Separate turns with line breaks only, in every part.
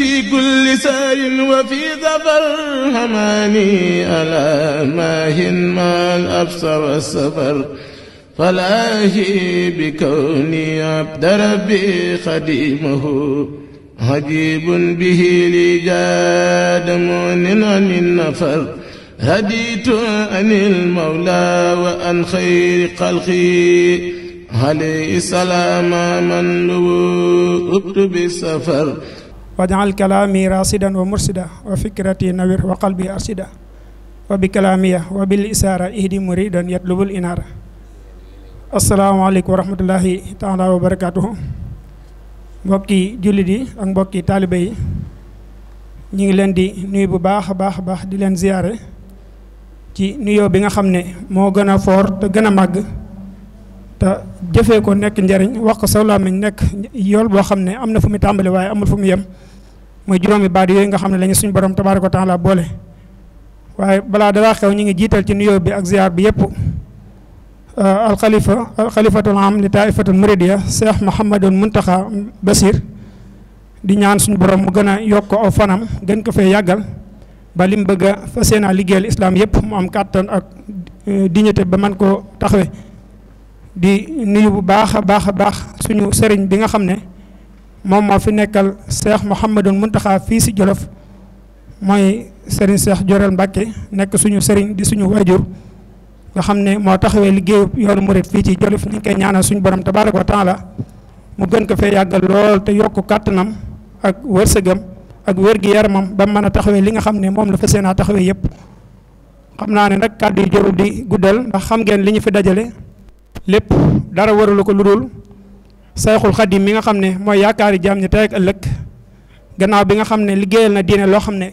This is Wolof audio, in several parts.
في كل سار وفي ظفر هماني ألا ماهن ما الأبصر والسفر فلاهي بكوني عبد ربي خديمه عجيب به لي جاد مؤن عن النفر هديت عن المولى وأن خير خلقي عليه السلام من لو بالسفر
wajal kalaami rasidan wa mursida wa fikrati nawir wa qalbi arsida wa bi kalaamiya wa bil isaara ihdi muridan yatlubul inaara asalaamaaleykum wa rahmatullahi taala wa barakatuhu mbokki jullit yi ak mbokki taalibe yi ñu ngi leen di nuyu bu baax a baax a baax di leen ziyaare ci nuyoo bi nga xam ne moo gën a foor te gën a màgg te jëfee ko nekk njariñ wax ko sa làmmiñ nekk yool boo xam ne am na fu mu tàmbali waaye amul fu mu yem mooy juróomi baat yooyu nga xam ne lañu suñu borom ko wa taala boole waaye balaa dara xew ñu ngi jiital ci nuyoo bi ak ziar bi yëpp euh, alxalifa alxalifatul am li taifatul muridiya cheikh mouhamadul muntaxa basir di ñaan suñu borom mu gën a yokk ko aw fanam gën ko fee yàggal ba lim bëgg a fas yéene liggéeyal islam yëpp mu am kàttan ak euh, dignité ba man koo taxawe di nuyu bu baax a baax a baax suñu sëriñ bi nga xam ne moom moo fi nekkal seex Mouhamadou Mountakha fii si Jolof mooy sëriñ seex Jorel Mbacke nekk suñu sëriñ di suñu waajur nga xam ne moo taxawee liggéeyu yoonu murit fii ci Jolof ñu ngi koy ñaanal suñu borom tabaaraka wa taala mu gën ko fee yàggal lool te yokk kàttanam ak wërsëgam ak wér-gi-yaramam ba mën a taxawee li nga xam ne moom la fas yéenaa taxawee yëpp xam naa ne nag kàddu jorul di guddal ndax xam ngeen li ñu fi dajale lépp dara waralu ko lu dul sayxul xadim mi nga xam ne mooy yaakaari jaam ñi tey ak ëllëg gannaaw bi nga xam ne liggéeyal na diine loo xam ne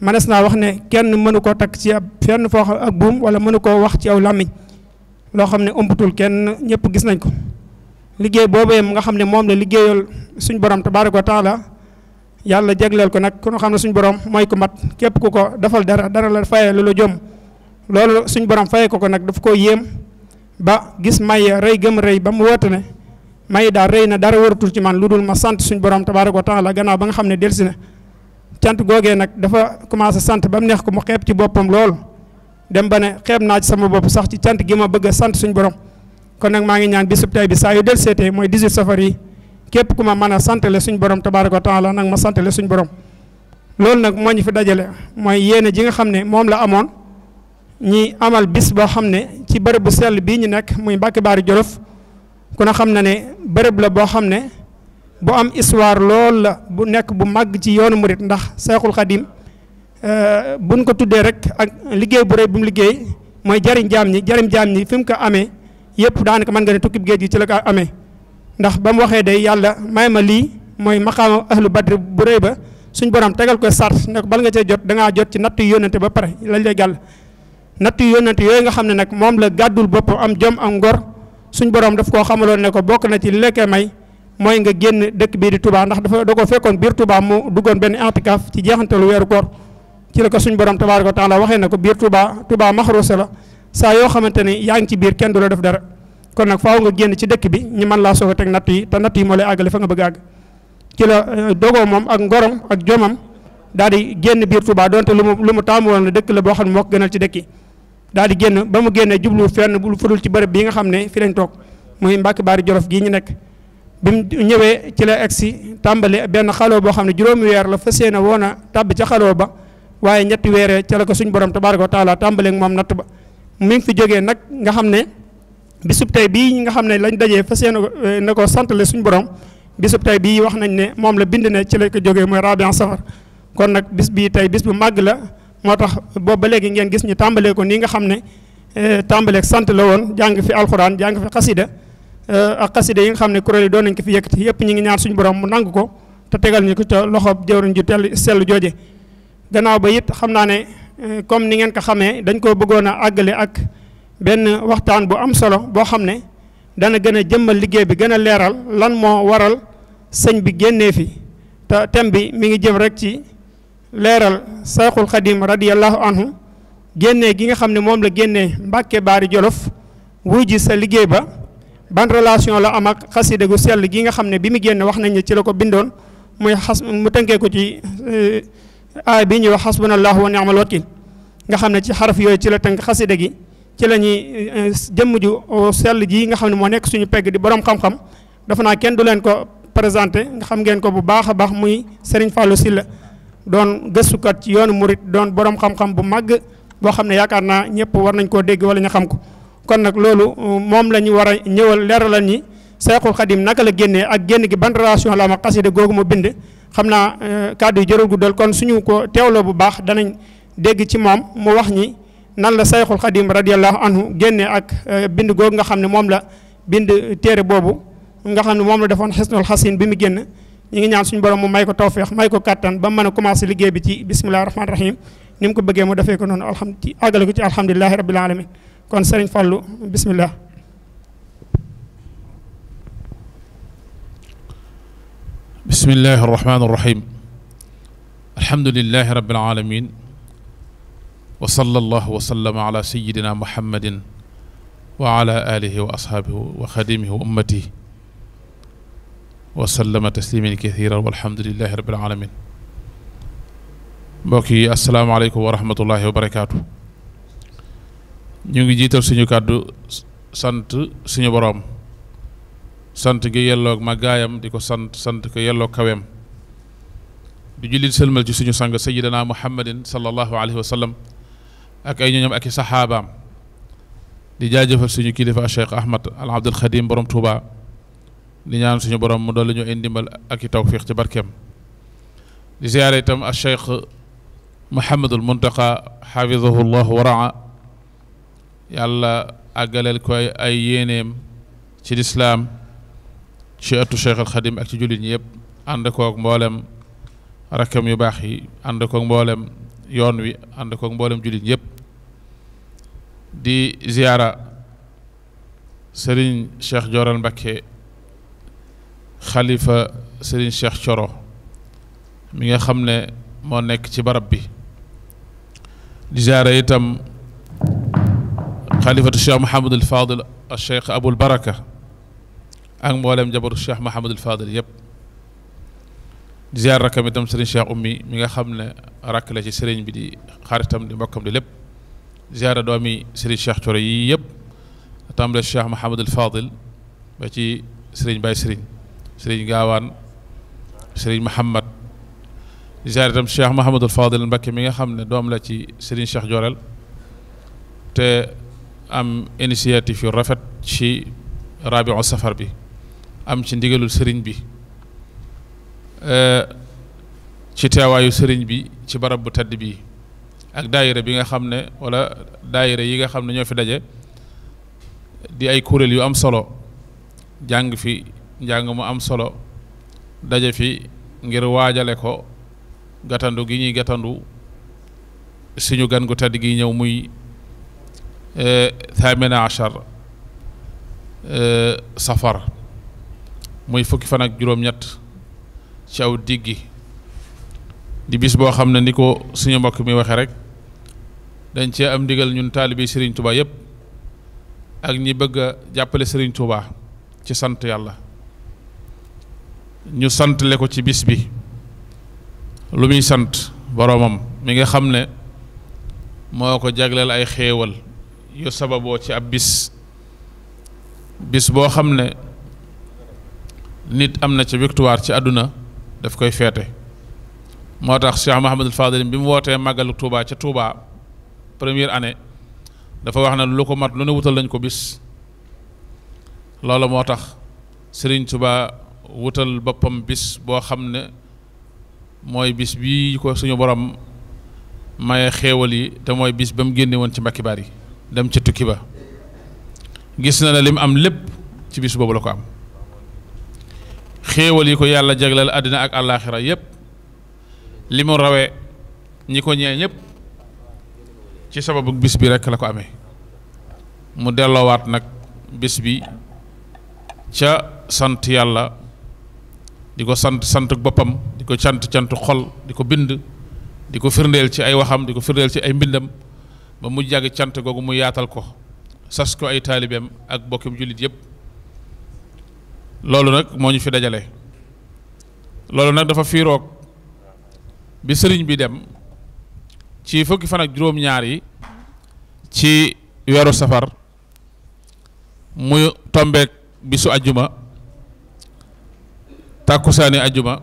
manes naa wax ne kenn mënu koo takk ci ab fenn foo xam ak buum wala mënu koo wax ci aw làmmiñ loo xam ne ëmbatul kenn ñëpp gis nañ ko liggéey boobee nga xam ne moom la liggéeyal suñ borom tabaaraka wa taala yàlla jagleel ko nag ku ñu xam ne suñ borom mooy ko mat képp ku ko defal dara dara la fayee lu la jom loolu suñ borom fayee ko ko nag daf koo yéem ba gis may rëy gëm ba mu woote ne may daal rey na dara waratul ci man lu dul ma sant suñu borom tabaaraka wa taala gannaaw ba nga xam ne delsi na cant googee nag dafa commencé sant ba mu neex ko mu xeeb ci boppam lool dem ba ne xeeb naa sama bopp sax ci cant gi ma bëgg sant suñ borom kon nag maa ngi ñaan bisub tey bi saa yu del seetee mooy 18 safar képp ku ma mën a santale suñu borom ko wa taala nag ma santale suñu borom loolu nag moo ñu fi dajale mooy yéene ji nga xam ne moom la amoon ñi amal bis boo xam ne ci bërëb bu sell bii ñu nekk muy Mbàkke Baari Jolof ku ne xam na ne bërëb la boo xam ne bu am histoire lool la bu nekk bu màgg ci yoonu murit ndax Seexul Xadim euh, buñ ko tuddee rek ak liggéey bu rëy bu mu liggéey mooy jariñ jaam ñi jariñ jaam ñi fi mu ko amee yëpp daanaka mën nga ne tukkib géej gi ci la ko amee ndax ba mu waxee day yàlla may ma lii mooy maqaama ahlu badri bu rëy ba suñ borom tegal ko sart ne ko bal nga cee jot da jot ci natt yu yónnante ba pare lañ lay gàll natt yu yónnante yooyu nga xam ne nag moom la gàddul boppam am jom am suñ borom daf koo xamaloon ne ko bokk na ci lekkee may mooy nga génn dëkk bii di Touba ndax dafa da ko fekkoon biir tubaa mu duggoon benn intikaaf ci jeexantalu weeru koor ci la ko suñ borom tabaaraka wa taala waxee ne ko biir tubaa Touba Touba maxruusa la saa yoo xamante ne yaa ngi ci biir kenn du la def dara kon nag faaw nga génn ci dëkk bi ñu man laa soog a teg natt yi te natt yi moo lay àggale fa nga bëgg àgg ci la euh, dogoo moom ak ngorom ak jomam daa di génn biir Touba donte lu mu lu mu taamu woon la dëkk la boo xam ne moo ko ci dëkk daal di génn ba mu génnee jublu fenn bu fudul ci bërëb bii nga xam ne fi lañ toog muy Mbàkke Baari Jolof gii ñu nekk bi mu ñëwee ci la si tàmbali benn xaloo boo xam ne juróomi weer la fas ne woon a tàbb ca xaloo ba waaye ñetti weeree ca la ko suñ borom tabaaraka wa taala tàmbaleeg moom natt ba mi ngi fi jógee nag nga xam ne bisub tey bii nga xam ne lañ dajee fas yéene eh, na ko santale suñ borom bisub tey bii wax nañ ne moom la bind ne ci la ko jógee mooy rabian safar kon nag bis bii tey bis bu màgg la moo tax boobu ba léegi ngeen gis ñu tàmbalee ko nii nga xam ne eh, tàmbaleeg sant la woon jàng fi alxuraan jàng fi xasida eh, ak xasida yi nga xam ne kuréel yi doon nañ ko fi yëkkati yëpp ñu ngi ñaan suñu borom mu nang ko te tegal ñu ko ca loxoob jëwriñ ju tell sell jooje gannaaw ba it xam naa ne eh, comme ni ngeen ko xamee dañ koo bëggoon a àggale ak benn waxtaan bu am solo boo xam ne dana gën a jëmmal liggéey bi gën a leeral lan moo waral sëñ bi génnee fi te thème bi mi ngi jëm rek ci leeral sayxul xadim radiallahu anhu génne gi nga xam ne moom la génne mbàkke baari jolof wuy ji sa liggéey ba ban relation la am ak xasida gu sell gi nga xam ne bi mu génne wax nañ ne ci la ko bindoon muy xas mu tënkee ko ci eh, aay bi ñuy wax xasbunallahu wa ni'mal wakil nga xam ne ci xaraf yooyu ci la tënk xasida gi ci la ñuy eh, jëmm ju sell ji nga xam ne moo nekk suñu pegg di boroom xam-xam dafa naa kenn du leen ko présenté nga xam ngeen ko bu baax a baax muy Serigne Fallou Sylla doon gëstukat ci yoonu murit doon borom xam-xam bu màgg boo xam ne yaakaar naa ñëpp war nañ koo dégg wala ñu xam ko kon nag loolu uh, moom la ñu war a ñëwal leeralal ñi Seexul Xadim naka la génnee ak génn gi ban relation la am ak xasida googu mu bind xam naa uh, kàddu yi jërul guddal kon suñu ko teewloo bu baax danañ dégg ci moom mu wax ñi nan la Seexul Xadim radiyallahu anu génne ak uh, bind googu nga xam ne moom la bind téere boobu nga xam ne moom la defoon xisnul xasin bi génn ñu ngi ñaan suñu borom mu may ko tawféex may ko kàttan ba mën a commencé liggéey bi ci bisimilah rahmaani rahim ni ko bëggee mu defee ko noonu alham ci àggale ko ci alhamdulilahi rabil alamin kon sëriñ Fallou bisimilah.
bismillahi rahmaani rahim alhamdulilahi rabil alamin wa sallallahu wa wa sallama tasliman walhamdulillahi rabbil alamin mbokk yi asalaamaaleykum wa rahmatullahi wa barakaatu ñu ngi jiital suñu kàddu sant suñu boroom sant gi yelloog màggaayam di ko sant sant ko yelloog kaweem di jullit sëlmal ci suñu sang sayyidina muhammadin sallallahu alayhi wa sallam ak ay ñoñam ak saxaabaam di jaajëfal suñu kilifa Cheikh Ahmad al Abdul Xadim borom Touba. di ñaan suñu borom mu dolli ñu ay ndimbal ak i tawfiix ci barkeem di ziyaare itam al cheikh Mouhamadul Muntaqa xafidahu llah wa raa àggaleel ko ay yéeneem ci lislaam ci ëttu cheikh al xadim ak ci jullit ñi yëpp ànd koog mboolem rakkam yu baax yi ànd koog mboolem yoon wi ànd koog mboolem jullit ñi yëpp di ziyaara sëriñ cheikh Jooral Mbakke xalifa Serigne Cheikh Thioro mi nga xam ne moo nekk ci barab bi di jaare itam xalifatu Cheikh Mouhamadul Fadil Cheikh Abul Baraka ak mboolem jabaru Cheikh Mouhamadul Fadil yëpp di jaar rakkam itam Serigne Cheikh Oumy mi nga xam ne rakk la ci Serigne bi di xaritam di mbokkam di lépp ziyaara doomi Serigne Cheikh Thioro yii yëpp tàmbale Cheikh Mouhamadul Fadil ba ci Serigne Baye Serigne. sëriñ gaawaan sëriñ Mouhamad ziyaar itam Cheikh Mouhamadul Fadil Mbakke mi nga xam ne doom la ci sëriñ Cheikh Jorel te am initiative yu rafet ci rabiu safar bi am ci ndigalul sëriñ bi e, ci teewaayu sëriñ bi ci barab bu tedd bi ak daayira bi nga xam ne wala daayira yi nga xam ne ñoo fi daje di ay kuréel yu am solo jàng fi njàng mu am solo daje fi ngir waajale ko gatandu gi ñuy gatandu suñu gan gu tedd gi ñëw muy e, thamina achar e, safar muy fukki fan ak juróom-ñett ci aw diggi di bis boo xam ne ni ko suñu mbokk mi waxe rek dañ cee am ndigal ñun taalibi sëriñ Touba yépp ak ñi bëgg a jàppale Serigne Touba ci sant yàlla ñu santale ko ci bis bi lu muy sant boroomam mu ngi xam ne moo ko jagleel ay xéewal yu sababoo ci ab bis bis boo xam ne nit am na ci victoire ci àdduna daf koy feete moo tax Cheikh Mahamadul Fadil bi mu wootee màggalu Touba ca Touba première année dafa wax ne lu ko mat lu ne wutal lañ ko bis loolu moo tax Serigne Touba wutal boppam bis boo xam ne mooy bis bii ko suñu borom maye xéewal yi te mooy bis ba mu génne woon ci mbakki baar yi dem ca tukki ba gis na ne li mu am lépp ci bis boobu la ko am xéewal yi ko yàlla jagleel àddina ak àllaaxira yépp li mu rawee ñi ko ñee ñépp ci sababu bis bi rekk la ko amee mu delloowaat nag bis bi ca sant yàlla di ko sant sant boppam di ko cant cant xol di ko bind di ko firndeel ci ay waxam di ko firndeel ci ay mbindam ba mu jàgg cant googu mu yaatal ko sas ko ay taalibeem ak bokkim jullit yépp loolu nag moo ñu fi dajale loolu nag dafa fiiroog bi sëriñ bi dem ci fukki fan ak juróom-ñaar yi ci weeru safar mu tombeek bisu ajjuma tàkkusaani ajjuma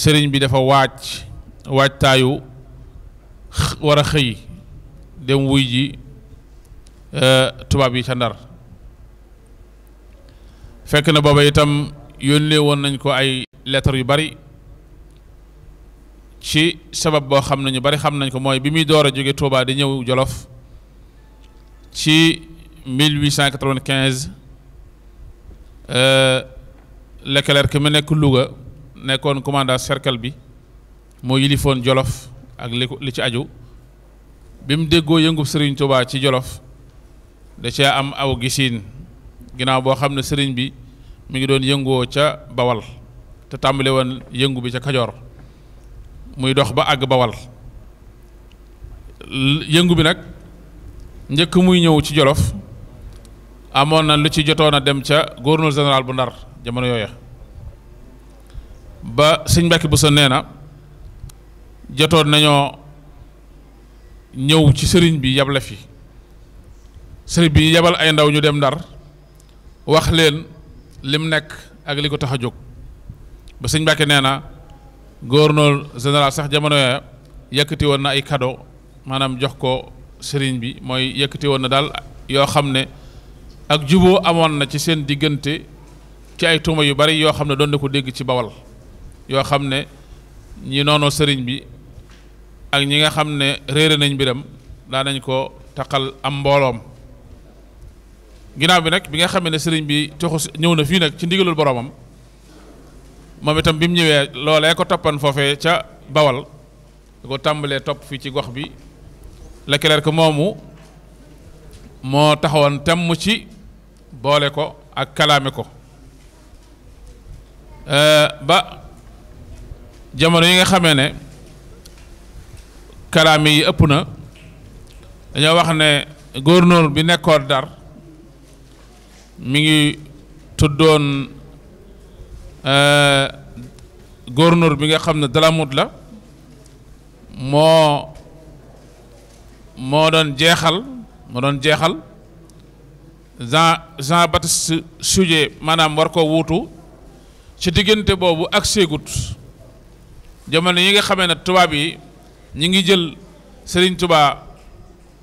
sëriñ bi dafa waaj waajtaayu war a xëy dem wuy ji euh, tubaab yi ca ndar fekk na booba itam yónnee woon nañ ko ay lettre yu bari ci sabab boo xam nañu bari xam nañ ko mooy bi muy door a jóge Touba di ñëw Jolof ci 1895 Leclerc mi nekk Louga nekkoon commandant serkel bi moo yilifoon Jolof ak li li ci aju bi mu déggoo yëngub Serigne Touba ci Jolof da cee am aw gisiin ginnaaw boo xam ne sëriñ bi mu ngi doon yëngoo ca Bawal te tàmbale woon yëngu bi ca Kajoor muy dox ba àgg Bawal yëngu bi nag njëkk muy ñëw ci Jolof amoon na lu ci jotoon a dem ca gouverneur général bu Ndar jamono yooya ba sëñ Mbàkke Buso nee na jotoon nañoo ñëw ci sëriñ bi yable fi sëriñ bi yabal ay ndaw ñu dem ndar wax leen lim nekk ak li ko tax a jóg ba sëñ Mbàkke nee na gouverneur général sax jamono yooya yëkkati woon na ay kado maanaam jox ko sëriñ bi mooy yëkkati woon na daal yoo xam ne ak juboo amoon na ci seen diggante ci ay tuuma yu bari yoo xam ne doon na ko dégg ci bawal yoo xam ne ñi noonu sëriñ bi ak ñi nga xam ne réere nañ mbiram daa nañ ko taqal am mbooloom ginaaw bi nag bi nga xamee ne sëriñ bi toxu ñëw na fii nag ci ndigalul boroomam moom itam bi mu ñëwee loolee ko toppan foofee ca bawal da ko tàmbalee topp fii ci gox bi lekkileer ko moomu moo taxawoon temm ci boole ko ak kalaame ko Euh, ba jamono yi nga xamee ne kalaame yi ëpp na dañoo wax ne gouverneur bi nekkoon Ndar mu ngi tuddoon euh, gouverneur bi nga xam ne Dalamut la moo moo doon jeexal moo doon jeexal Jean Jean Baptiste Sujet maanaam war ko wuutu ci diggante boobu ak seegut jamono yi nga xamee ne tubaab yi ñi ngi jël Sëriñ Tuubaa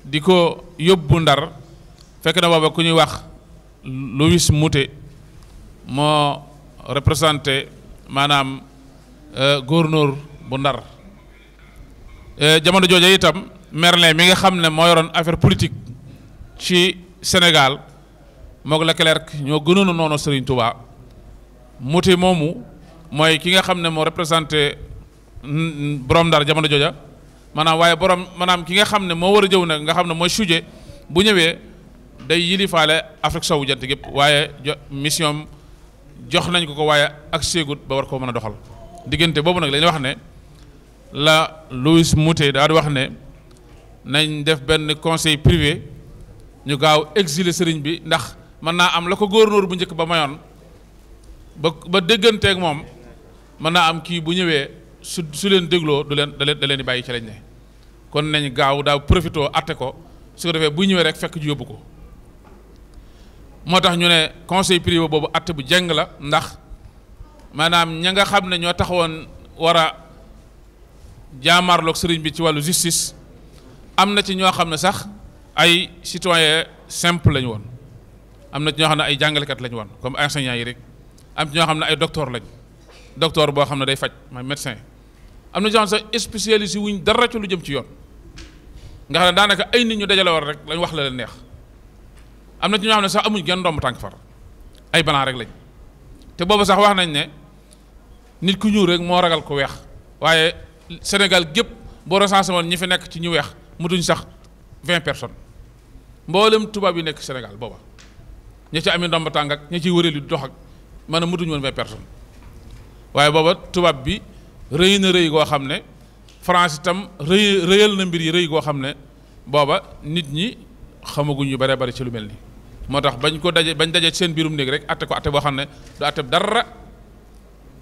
di ko yóbbu Ndar fekk na booba ku ñuy wax Louis Moutet moo représenté maanaam euh, gouverneur bu Ndar euh, jamono jooja itam Merlin mi nga xam ne moo yoroon affaire politique ci Sénégal moog Leclerc ñoo gënoon a noonu Sëriñ Tuubaa muti moomu mooy ki nga xam ne moo représenté borom Ndar jamono jooja maanaam waaye borom maanaam ki nga xam ne moo war a jëw nag nga xam ne mooy sujet bu ñëwee day yilifaale Afrique sowu jant gépp waaye mission jox nañ ko ko waaye ak séegut ba war koo mën a doxal diggante boobu nag lañu wax ne la Louis Moutet daal di wax ne nañ def benn conseil privé ñu gaaw exiler sëriñ bi ndax mën naa am la ko gouverneur bu njëkk ba mayoon ba ba dégganteeg moom mën naa am kii bu ñëwee su su leen dégloo du leen da leen da leen di bàyyi ci lañ ne kon nañ gaaw daaw profité atte ko su ko defee bu ñëwee rek fekk ju yóbbu ko moo tax ñu ne conseil privé boobu atte bu jeng la ndax maanaam ña nga xam ne ñoo taxawoon war a jaamaarloog sëriñ bi ci wàllu justice am na ci ñoo xam ne sax ay citoyen simple lañu woon am na ci ñoo xam ne ay jàngalekat lañu woon comme enseignants yi rek. am ci ñoo xam ne ay docteur lañ docteur boo xam ne day faj mooy médecin am na ñoo xam sax spécialiste wuñ dara ci lu jëm ci yoon nga xam ne daanaka ay nit ñu dajale war rek lañ wax la leen neex am na ci ñoo xam ne sax amuñ genn tànk far ay banaa rek lañ te boobu sax wax nañ ne nit ku ñuul rek moo ragal ko weex waaye Sénégal gépp boo recensé woon ñi fi nekk ci ñu weex mutuñ sax vingt personnes mboolem tubaab yi nekk Sénégal booba ña ci ami ndomb tànk ak ña ciy wëreel yu dox maanaam mutuñu woon vingt personnes waaye booba tubaab bi rëy na rëy goo xam ne France itam rëy rëyal na mbir yi rëy goo xam ne booba nit ñi xamaguñ yu bare bari ci lu mel ni moo tax bañ ko daje bañ daje seen biirum néeg rek atte ko atte boo xam ne du atte dara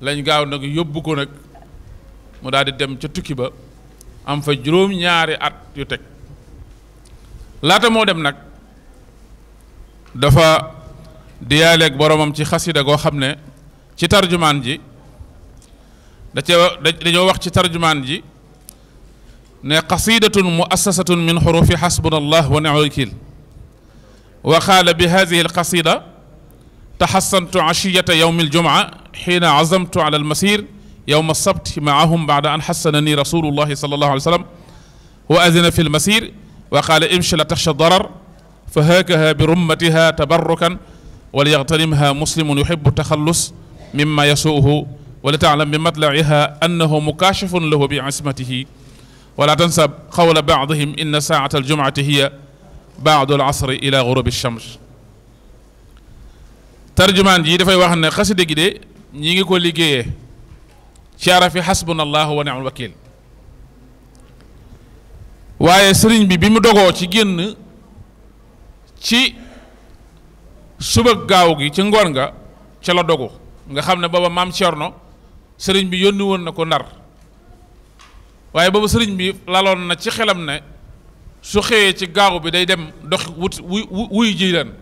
lañ gaaw nag yóbbu ko nag mu daal di dem ca tukki ba am fa juróom-ñaari at yu teg laata moo dem nag dafa diyaaleeg boromam ci xasida goo xam ne ci tarjumaan ji da cee dañoo wax ci tarjumaan ji ne qasidatun muassasatun min xurufi xasbuna allah wa ni'mal wakiil wa qaala bi hadihi alqasida taxassantu ashiyata yowmi aljumaa xiina azamtu ala almasir yowma alsabt maahum baada an xassanani rasulullahi sallallahu alayhi wa sallam wa adina fi almasir wa qaala imshi la taxsha darar fa haakaha bi rummatiha tabarrukan wala yaxtarimha muslimun yuxibu taxallus mimma yasuuhu wala taalam bi matlaciha annahu mukaashifun lahu bi ismatihi wala tansa qawla baadihim inna saacata aljumcati hiya baadu alasri ila gurubi alchams tarjumaan ji dafay wax ne xasida gi de ñi ngi ko liggéeyee ci arafi xasbuna allahu wa ni'mal wakil waaye sëriñ bi bi mu dogoo ci génn ci suba gaaw gi ci ngoon nga ca la dogu nga xam ne booba maam no sëriñ bi yónni woon na ko ndar waaye booba sëriñ bi laloon na ci xelam ne su xëyee ci gaaw bi day dem dox wut wuy wuy ji leen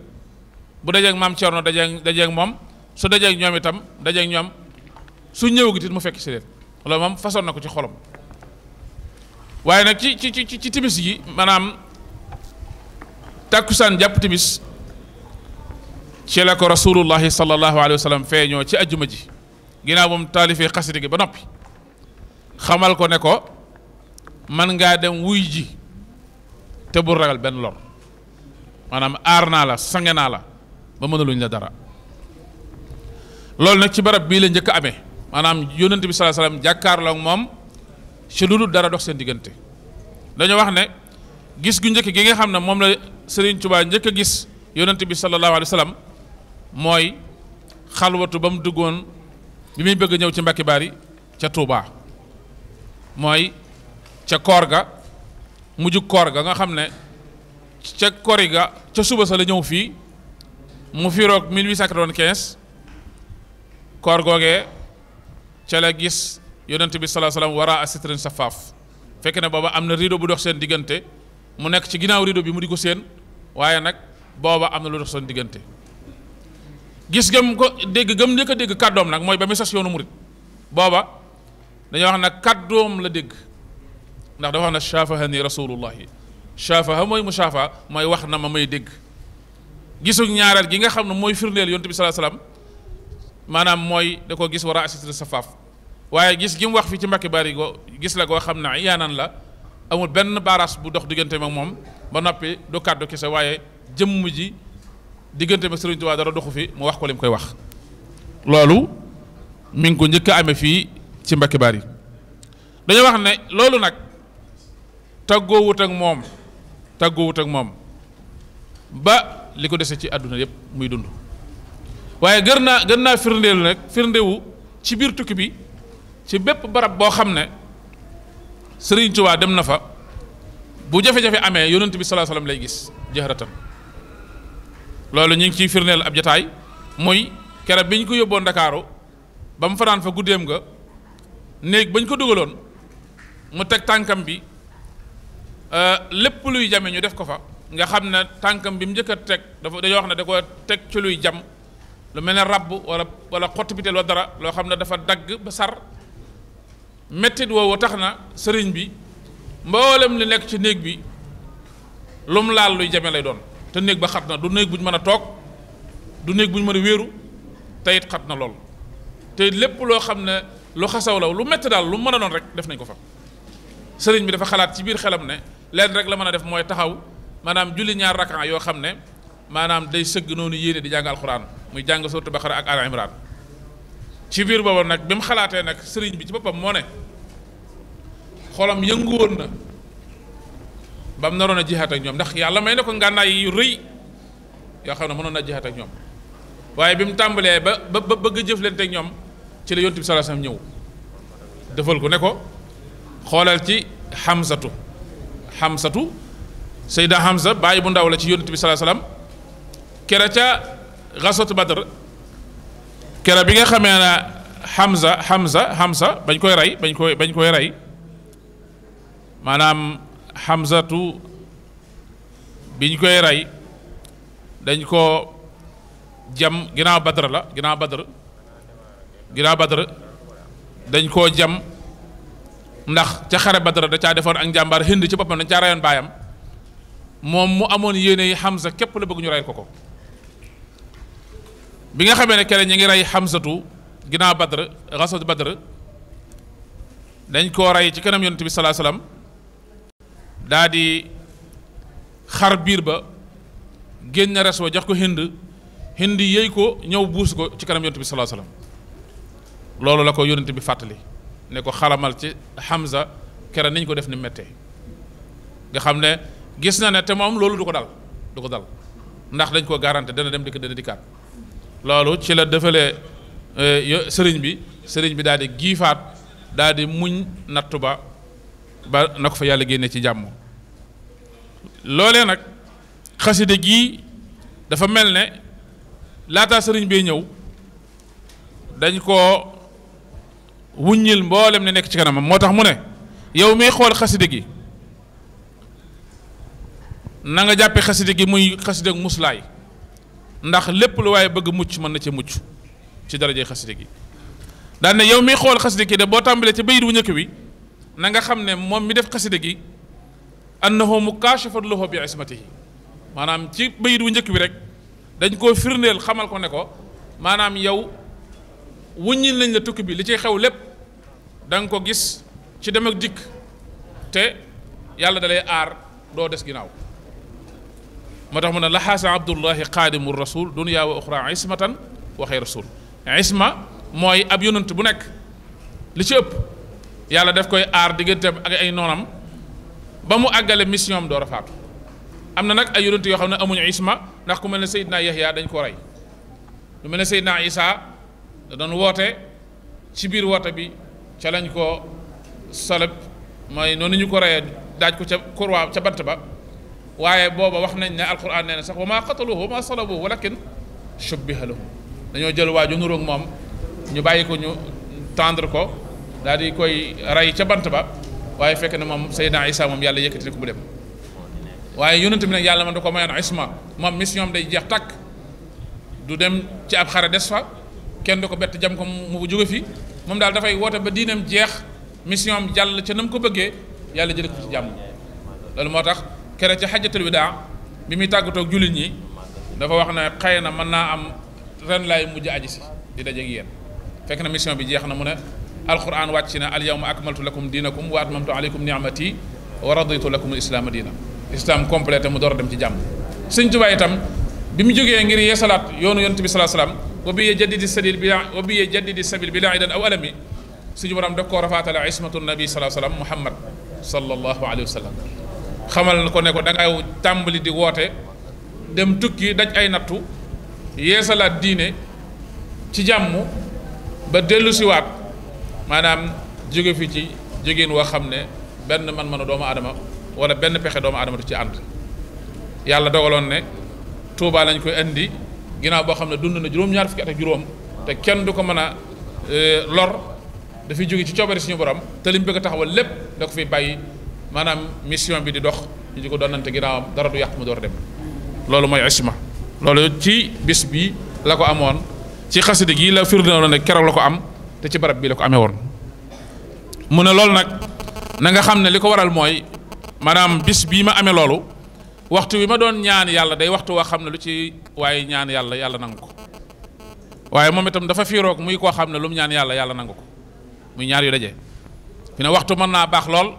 bu dajeeg maam Cerno dajeeg dajeeg moom su dajeeg ñoom itam dajeeg ñoom su ñëw gi tit mu fekk si leen loolu moom façon na ko ci xolom waaye nag ci ci ci ci timis gi maanaam tàkkusaan jàpp timis ci la ko rasulullahi sallallahu alayhi wa feeñoo ci ajuma ji ginnaaw moom taalifee xasida gi ba noppi xamal ko ne ko man ngaa dem wuy ji te bu ragal benn lor maanaam aar naa la sange naa la ba mënaluñ la dara loolu nag ci barab bii la njëkk ame maanaam yónnante bi sallallahu alayhi wa moom ci lu dul dara dox seen diggante dañoo wax ne gis gu njëkk gi nga xam ne moom la Serigne Touba njëkk a gis yónnante bi sallallahu alayhi wa mooy xalwatu ba mu duggoon bi muy bëgg ñëw ci Mbacke Bari ca Touba mooy ca koor ga mujj koor ga nga xam ne ca kori ga ca suba sa la ñëw fii mu firoog 1895 koor googee ca la gis yonent bi salaa salaam wara a sitrin sa faaf fekk ne booba am na rido bu dox seen diggante mu nekk ci ginnaaw rido bi mu di ko séen waaye nag booba am na lu dox seen diggante gis gëm ko dégg gëm njëkk dégg kàddoom nag mooy ba mu sas yoonu murit booba dañoo wax nag kàddoom la dégg ndax dafa wax na shaafahani rasulullahi shaafaha mooy mu shaafa mooy wax na ma may dégg gisu ñaareel gi nga xam ne mooy firndeel yontu bi salaa salaam maanaam mooy da gis war sa faaf waaye gis gi mu wax fii ci Mbàkke Bari go gis la koo xam ne yaanan la amul benn baaraas bu dox diggante ak moom ba noppi du kàddu kese waaye jëmm ji diggante ba Sëriñ Tuubaa dara doxu fi mu wax ko li mu koy wax loolu mi ngi ko njëkk a amee fii ci Mbacke yi dañu wax ne loolu nag tàggoowut ak moom tàggoowut ak moom ba li ko desee ci àdduna yëpp muy dund waaye gën naa gën naa firndeel nag firndewu ci biir tukki bi ci bépp barab boo xam ne Sëriñ Tuubaa dem na fa bu jafe-jafe amee yonent bi sallallahu alayhi lay gis jahratan loolu ñu ngi ciy firndeel ab jataay muy keroog bi ñu ko yóbboon ndakaaru ba mu fanaan fa guddeem nga néeg ba ñu ko dugaloon mu teg tànkam bi euh, lépp luy jame ñu def ko fa nga xam ne tànkam bi mu njëkk a teg dafa dañoo wax ne da ko teg ci luy jam lu mel ne rabb wala wala xottu biteel dara loo xam ne dafa dagg ba sar mettit woowu tax na sëriñ bi mboolem lu nekk ci néeg bi lu mu laal luy jame lay doon te néeg ba xat na du néeg bu ñu mën a toog du néeg bu ñu mën a wéeru te it xat na lool te lépp loo xam ne lu xasaw la lu métti daal lu mën a doon rek def nañ ko fa sëriñ bi dafa xalaat ci biir xelam ne leen rek la mën a def mooy taxaw maanaam julli ñaar rakan yoo xam ne maanaam day sëgg noonu yéene di jàng alxuraan muy jàng ba Baqara ak Al Imran ci biir boobu nag bi mu xalaatee nag sëriñ bi ci boppam moo ne xolam yëngu na ba mu naroon a jihaat ñoom ndax yàlla may ne ko ngànnaay yu rëy yoo xam ne mënoon a jihaat ak ñoom waaye bi mu tàmbalee ba ba bëgg a jëflante ak ñoom ci la yonent bi sallallahu alayhi ñëw defal ko ne ko xoolal ci xamsatu xamsatu sayda Hamza bàyyi bu ndaw la ci yonent bi sallallahu alayhi kere ca xasatu Badr kere bi nga xamee na Hamza Hamza Hamza bañ koy rey bañ koy bañ koy rey maanaam Hamzatu biñ koy rey dañ koo jam ginnaaw Badr la ginnaaw Badr ginaaw Badr dañ koo jam ndax ca xare Badr da caa defoon ak njàmbaar Hind ci boppam dañ caa reyoon baayam moom mu amoon yéene yi Hamza képp la bëgg ñu rey ko ko bi nga xamee ne keneen ñu ngi rey Hamzatu ginnaaw Badr rasot Badr dañ koo rey ci kanam yonent bi salaa salaam daa di xar biir ba génn res wa jox ko hind hind yëy ko ñëw buus ko ci kanam yonent bi sallallahu alayhi loolu la ko yonent bi fàttali ne ko xalamal ci Hamza kere niñ ko def ni méttee nga xam ne gis na ne te moom loolu du ko dal du ko dal ndax dañ ko garanté dana dem di ko dana dikkaat loolu ci la defalee eh, sëriñ bi sëriñ bi daal di giifaat daal di muñ nattu ba ba na ko fa yàlla génne ci jàmm loole nag xaside gii dafa mel ne laataa sëriñ bee ñëw dañ koo wuññil mboolem ne nekk ci kanamam moo tax mu ne yow miy xool xaside gi nanga nga jàppe xaside gi muy xaside musulaay ndax lépp lu waaye bëgg mucc mën na ci mucc ci darajee xaside gi daan ne yow miy xool xaside gi de boo tàmbalee ci bayit wu njëkk bi na nga xam ne moom mi def xasida gi annahu mukaashafat lahu bi ismatihi maanaam ci bayit wu njëkk bi rek dañ koo firndeel xamal ko ne ko maanaam yow wuññil nañ la tukki bi li ciy xew lépp da nga ko gis ci dem ak dikk te yàlla dalay aar doo des ginaaw moo tax mu ne laxaasa abdullahi xaadimu rasul dunya wa uxra ismatan wa xayra rasul isma mooy ab yonent bu nekk li ci ëpp yàlla def koy aar digganteem ak ay noonam ba mu àggale mission am door a am na nag ay yonent yoo xam ne amuñu isma ndax ku mel ne Seydina Yahya dañ ko rey lu mel ne Seydina Isa da doon woote ci biir woote bi ca lañ ko salab mooy noonu ñu ko reyee daaj ko ca kurwa ca bant ba waaye booba wax nañ ne alquran nee na sax wa maa qataluhu wa maa salabuhu walakin shubbiha lahu dañoo jël waaju nuroog moom ñu bàyyi ko ñu tendre ko daal di koy rey ca bant ba waaye fekk na moom Seydina Isa moom yàlla yëkkati na ko mu dem waaye yonent bi ne yàlla ma da ko mayoon isma moom mission day jeex takk du dem ci ab xare des fa kenn du ko bett jam ko mu jóge fi moom daal dafay woote ba diinam jeex mission am jàll ca na ko bëggee yàlla jële ko ci jàmm loolu moo tax kere ci xajatul daa bi muy tàggatoo ak jullit ñi dafa wax ne xëy na mën naa am ren laay mujj aji si di dajeeg yéen fekk na mission bi jeex na mu ne alquran wàcc na al yawma akmaltu lakum diinakum wa atmamtu aleykum niamati wa raditu lakum islaama diina islam complété mu door a dem ci jàmm sëñ Tuubaa itam bi mu jógee ngir yeesalaat yoonu yonent bi salaa salaam wa bi yajaddidi sabil bi wa bi yajaddidi sabil bi laa idan aw alami suñu borom daf koo rafaatale ismatu nabi salaa salaam muhammad sallallahu alayhi wa sallam xamal na ko ne ko da tàmbali di woote dem tukki daj ay nattu yeesalaat diine ci jàmm ba dellusiwaat maanaam jóge fi ci jigéen woo xam ne benn man-manu doomu aadama wala benn pexe doomu adama du ci ànd yàlla dogaloon ne Touba lañ koy indi ginnaaw boo xam ne dund na juróom-ñaar fukki at ak juróom te kenn du ko mën a e, lor dafay jóge ci coobare suñu borom te li mu bëgg a taxawal lépp da ko fiy bàyyi maanaam mission bi di dox ñu di ko donnante ginnaawam dara du yàqu mu door dem loolu mooy isma loolu ci bis bi la ko amoon ci xasida gi la firnde ne keroog la ko am te ci barab bi la ko amee woon mu ne loolu nag na nga xam ne li ko waral mooy maanaam bis bii ma amee loolu waxtu wi ma doon ñaan yàlla day waxtu woo xam ne lu ci waaye ñaan yàlla yàlla nangu ko waaye moom itam dafa fiiroog muy koo xam ne lu ñaan yàlla yàlla nangu ko muy ñaar yu daje fi ne waxtu mën naa baax lool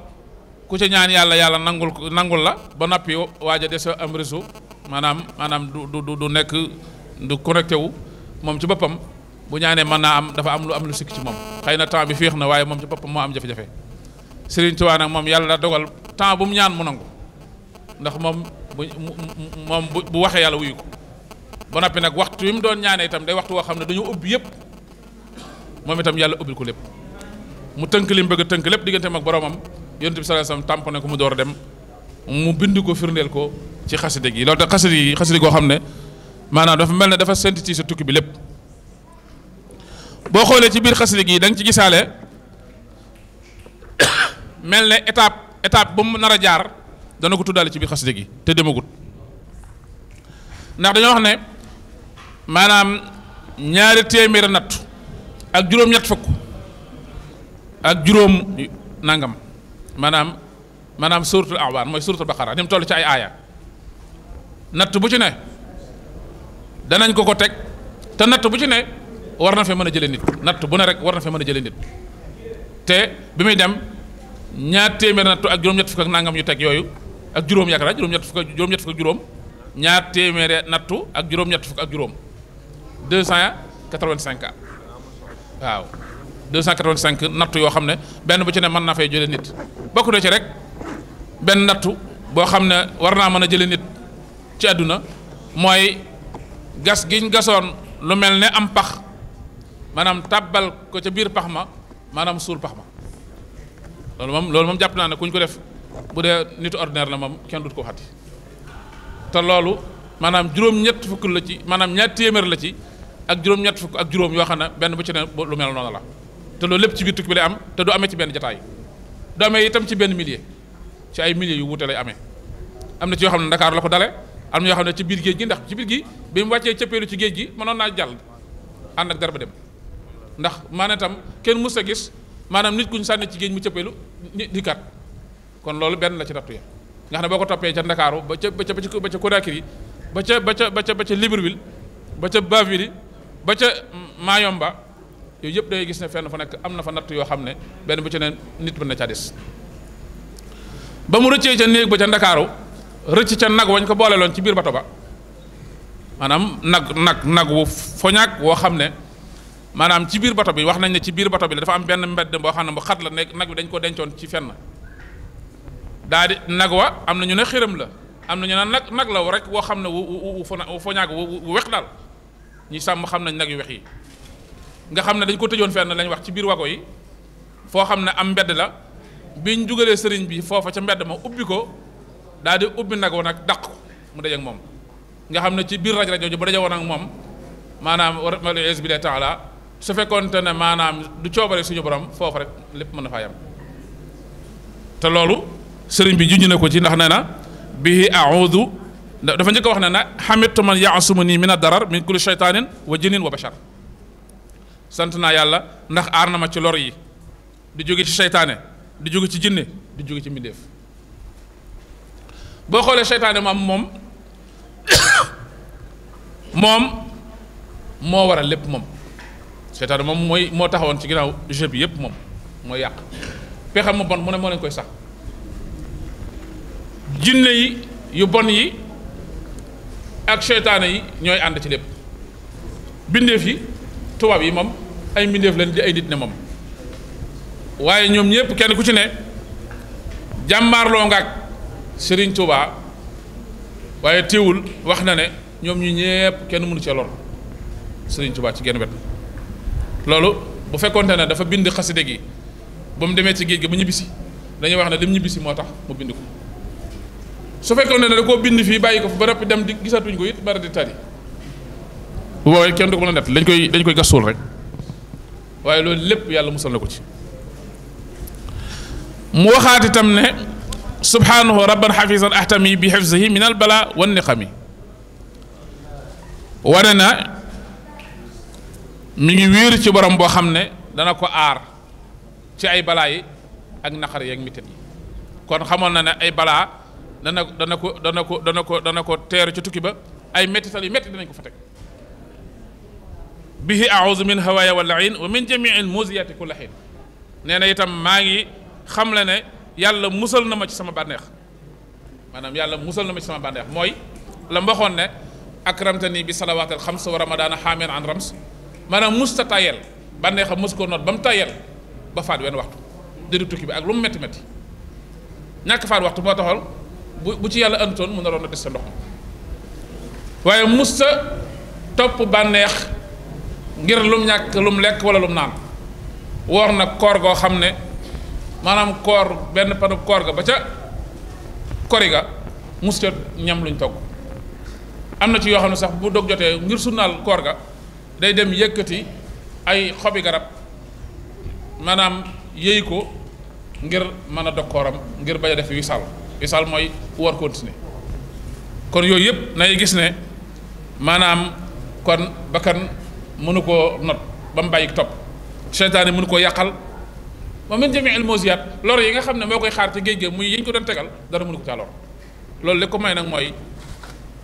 ku ca ñaan yàlla yàlla nangul nangul la ba noppi waaj a des am réseau maanaam maanaam du du du nekk du connecté moom ci boppam. bu ñaanee mën naa am dafa am lu am lu sikk ci moom xëy na temps bi féex na waaye moom ci boppam moo am jafe-jafe Serigne Touba nag moom yàlla dogal temps bu mu ñaan mu nangu ndax moom bu moom bu waxee yàlla wuyu ko ba noppi nag waxtu yi mu doon ñaanee itam day waxtu woo xam ne dañu ubbi yëpp moom itam yàlla ubbil ko tënk li mu bëgg a tënk lépp digganteem ak boromam yonent bi sallallahu alayhi wasallam tamponé ko mu door dem mu bind ko firndeel ko ci xaside yi loolu tax xaside yi xaside koo xam ne maanaam dafa mel ne dafa synthétiser tukki bi lépp. boo xoolee ci biir xasida gi da nga ci gisaale mel ne étape étape ba nar a jaar dana ko tuddaale ci biir xasida gi te demagut ndax dañoo wax ne maanaam ñaari téeméer natt ak juróom-ñett fukk ak juróom nangam maanaam maanaam suratul ahwaan mooy suratul baqara ni mu toll ci ay aaya natt bu ci ne danañ ko ko teg te natt bu ci ne war na fee mën a jëlee nit natt bu ne rek war na fee mën a jëlee nit te bi muy dem ñaar téeméer nattu ak juróom-ñett nangam yu teg yooyu ak juróom yaakaar naa juróom-ñett fukk ak juróom-ñett fukk ak juróom ñaar ak juróom-ñett fukk ak juróom 285 ans waaw 285 nattu yoo xam ne benn bu ci ne mën na fay jële nit bokk na ci rek benn nattu boo xam ne war naa mën a jële nit ci àdduna mooy gas giñ gasoon lu mel ne am pax maanaam tàbbal ko ca biir pax ma maanaam suul pax ma loolu moom loolu moom jàpp naa ne kuñ ko def bu dee nitu ordinaire la moom kenn dut ko waxati te loolu maanaam juróom-ñett fukk la ci maanaam ñaar téeméer la ci ak juróom-ñett fukk ak juróom yoo xam ne benn bu ci ne lu mel noonu la te loolu lépp ci biir tukki bi lay am te du amee ci benn jataay du amee itam ci benn millier ci ay milliers yu wute lay amee am na ci yoo xam ne Dakar la ko dale am na yoo xam ne ci biir géej gi ci biir gi bi mu wàccee cëppeelu ci géej gi mënoon naa jàll ànd ak dara dem ndax maanaam itam kenn mu a gis maanaam nit ku ñu sànni ci géej mu cëppeelu nit di kat kon loolu benn la ci nattu ya nga xam ne boo ko toppee ca Ndakaaru ba ca ba ba ca Conakry ba ca ba ca ba ca ba ca Libreville ba ca Bavili ba yooyu yëpp day gis ne fenn fa nekk am na fa natt yoo xam ne benn bu ci ne nit mën na caa des ba mu rëccee ca néeg ba ca Ndakaaru rëcc ca nag wañ ko booleloon ci biir bato ba maanaam nag nag nag wu foñaak woo xam ne maanaam ci biir bato bi wax nañ ne ci biir bato bi la dafa am benn mbedd boo xam ne bu xat la nekk nag bi dañ ko dencoon ci fenn daa di nag wa am na ñu ne xërëm la am na ñu ne nag nag la rek woo xam ne wu foñaag wu wex daal sàmm xam nañ nag yu wex yi nga xam ne dañ ko tëjoon fenn lañ wax ci biir wago yi foo xam ne am mbedd la biñ jugalee sëriñ bi foofa ci mbedd ma ubbi ko daal di ubbi nag wa nag daq mu daje ak moom nga xam ne ci biir raj rajo ji bu daje woon ak moom maanaam waramal is bi taala su fekkoonte ne maanaam du coobare suñu borom foofu rek lépp mën na faa yam te loolu sëriñ bi junj na ko ci ndax nee na bihi audu dafa njëkk wax ne na xamitu man suma nii min a darar min kulli shaytaanin wa jinin wa bashar sant naa yàlla ndax aar na ma ci lor yi di jóge ci seytaane di jóge ci jinne di jóge ci mbindeef boo xoolee seytaane maam moom moom moo wara lépp moom seytaane moom mooy moo taxawoon ci ginnaaw jeu bi yëpp moom mooy yàq pexam ma bon mu ne moo leen koy sax jinne yi yu bon yi ak seytaane yi ñooy ànd ci lépp bindeef yi tubaab yi moom ay mbindeef lañ di ay nit ne moom waaye ñoom ñëpp kenn ku ci ne jàmmaarloo nga sëriñ Serigne waaye teewul wax na ne ñoom ñu ñëpp kenn mënu cee lor Serigne Touba ci genn wet loolu bu fekkonte ne dafa bind xaside gi ba mu demee ci géej gi ba ñibbisi dañuy wax ne lim ñibbisi moo tax mu bind ko su fekkonte ne da koo bind fii bàyyi ko fi ba noppi dem di gisatuñ ko it bara di tari bu kenn du ko mën a dañ koy dañ koy rek waaye loolu lépp yàlla musal na ko ci mu waxaat itam ne subhanahu rabban xafisan ahtami bi xifzihi min al bala wan niqami wane na mi ngi wéeru ci borom boo xam ne dana ko aar ci ay balaa yi ak naqar yeeg mitit yi kon xamoon na ne ay balaa dana dana ko dana ko dana ko dana ko teer ci tukki ba ay mettital yu metti nañ ko fa teg bihi auzu min hawaaya wa lain wa min jamiil musiyati kulli xiin nee na itam maa ngi xam le ne yàlla musal na ma ci sama bànneex maanaam yàlla musal na ma ci sama bànneex mooy la mboxoon ne akramtani bi salawaatil xams wa ramadaana xaameen an rams maanaam musta tayel bànneexam mës koo noot ba mu tayel ba faat wenn waxtu dëddu tukki bi ak lu mu metti metti ñàkk faat waxtu moo taxoon bu bu ci yàlla antoon mun na doon a des sa ndox ma waaye musta topp bànneex ngir lum ñàkk lum lekk wala lum naan woor nag koor goo xam ne maanaam koor benn panu koor ga ba ca kori ga musta ñam luñ togg am na ci yoo xam ne sax bu dog jotee ngir sunnaal koor ga day dem yëkkati ay xobi garab maanaam yëy ko ngir mën a dokkooram ngir bañ a def wisal wisal mooy war continuer kon yooyu yëpp nay gis ne maanaam kon bakkan mënu koo not ba mu bàyyi topp seytaane mënu koo yàqal moom min jami al mosiyaat lor yi nga xam ne moo koy xaar ci géej gi muy yiñ ko dem tegal dara mënu ko caa lor loolu li ko may nag mooy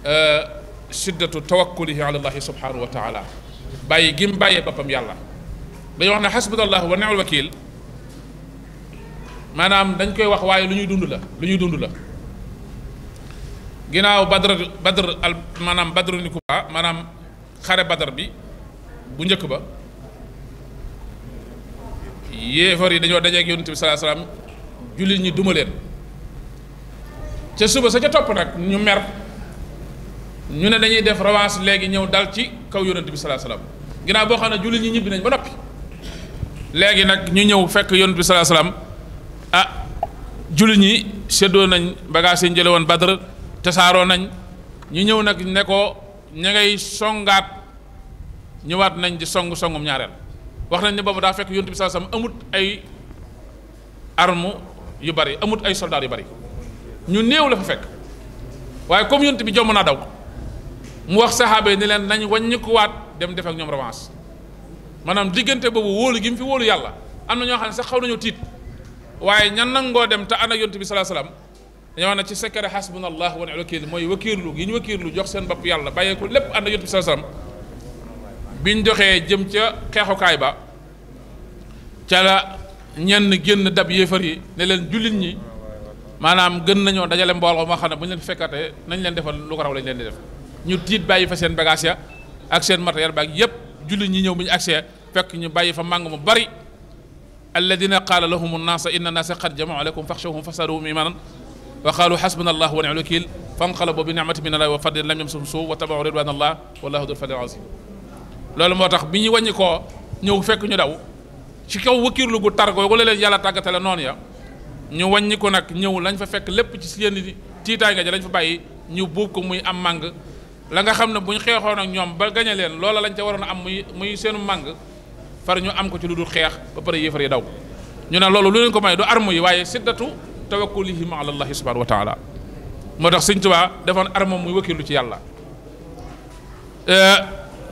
euh, siddatu tawakkulihi ala allahi subhanahu wa taala bàyyi gim bàyyee boppam yàlla dañu wax ne xasbunallahu wa ni'mal wakiil maanaam dañ koy wax waaye lu ñuy dund la lu ñuy dund la ginnaaw badr badr al maanaam badru ni kuba maanaam xare badar bi bu njëkk ba yéefar yi dañoo dajeeg yonent bi sallallahu alayhi jullit ñi duma leen ca suba sa ca topp nag ñu mer ñu ne dañuy def revanche léegi ñëw dal ci kaw yonent bi salaa salaam ginaaw boo xam ne jullit ñi ñibbi nañ ba noppi léegi nag ñu ñëw fekk yonent bi salaa salaam ah jullit ñi séddoo nañ bagage yi jële woon Badr tasaaroo nañ ñu ñëw nag ne ko ña songaat ñëwaat nañ di song songum ñaareel wax nañ ne boobu daa fekk yonent bi salaa salaam amut ay arme yu bari amut ay soldat yu bari ñu néew la fa fekk waaye comme yonent bi jomm naa daw. mu wax saxaaba yi ni leen nañ wàññikuwaat dem def ak ñoom revanche maanaam diggante boobu wóolu gi mu fi wóolu yàlla am na ñoo xam ne sax xaw nañu tiit waaye ñan nangoo dem te ànd ak yontu bi salaa salaam dañoo na ci secret hasbunallah wa ni'mal wakiil mooy wakiirlu gi ñu lu jox seen bopp yàlla bàyyeeku lépp ànd ak yontu bi salaa biñ doxee jëm ca xeexukaay ba ca la ñenn génn dab yéefar yi ne leen jullit ñi maanaam gën nañoo dajale mbooloo moo xam ne bu ñu leen fekkaatee nañ leen defal lu raw lañ leen di def ñu tiit bàyyi fa seen bagage ya ak seen matériel baag yépp jullit ñi ñëw bu ñu agsee fekk ñu bàyyi fa màng mu bari alladina qaala lahum annaasa inna naasa qad jamacu aleykum faxshawhum fasaruhum imaanan wa qaalu xasbuna allah wa nicmal wakiil fanqalabu bi nicmatin min allah wa fadlin lam yamsum suu wa tabacu ridwan allah wallahu dul fadlil azim loolu moo tax bi ñu wàññi koo ñëw fekk ñu daw ci kaw wakiirlu gu tar googu la leen yàlla tàggatale noonu ya ñu wàññi nag ñëw lañ fa fekk lépp ci seen tiitaay nga ja lañ fa bàyyi ñu buub ko muy am màng la nga xam ne bu ñu xeexoon ñoom ba gañe leen loola lañ ca waroon am muy muy seenu màng far ñu am ko ci lu dul xeex ba pare yéefar yi daw ñu ne loolu lu leen ko may du arme yi waaye siddatu tawakkulihim ala allahi subhanahu wa taala moo tax sëñ Tuubaa defoon arme muy wakilu ci yàlla euh,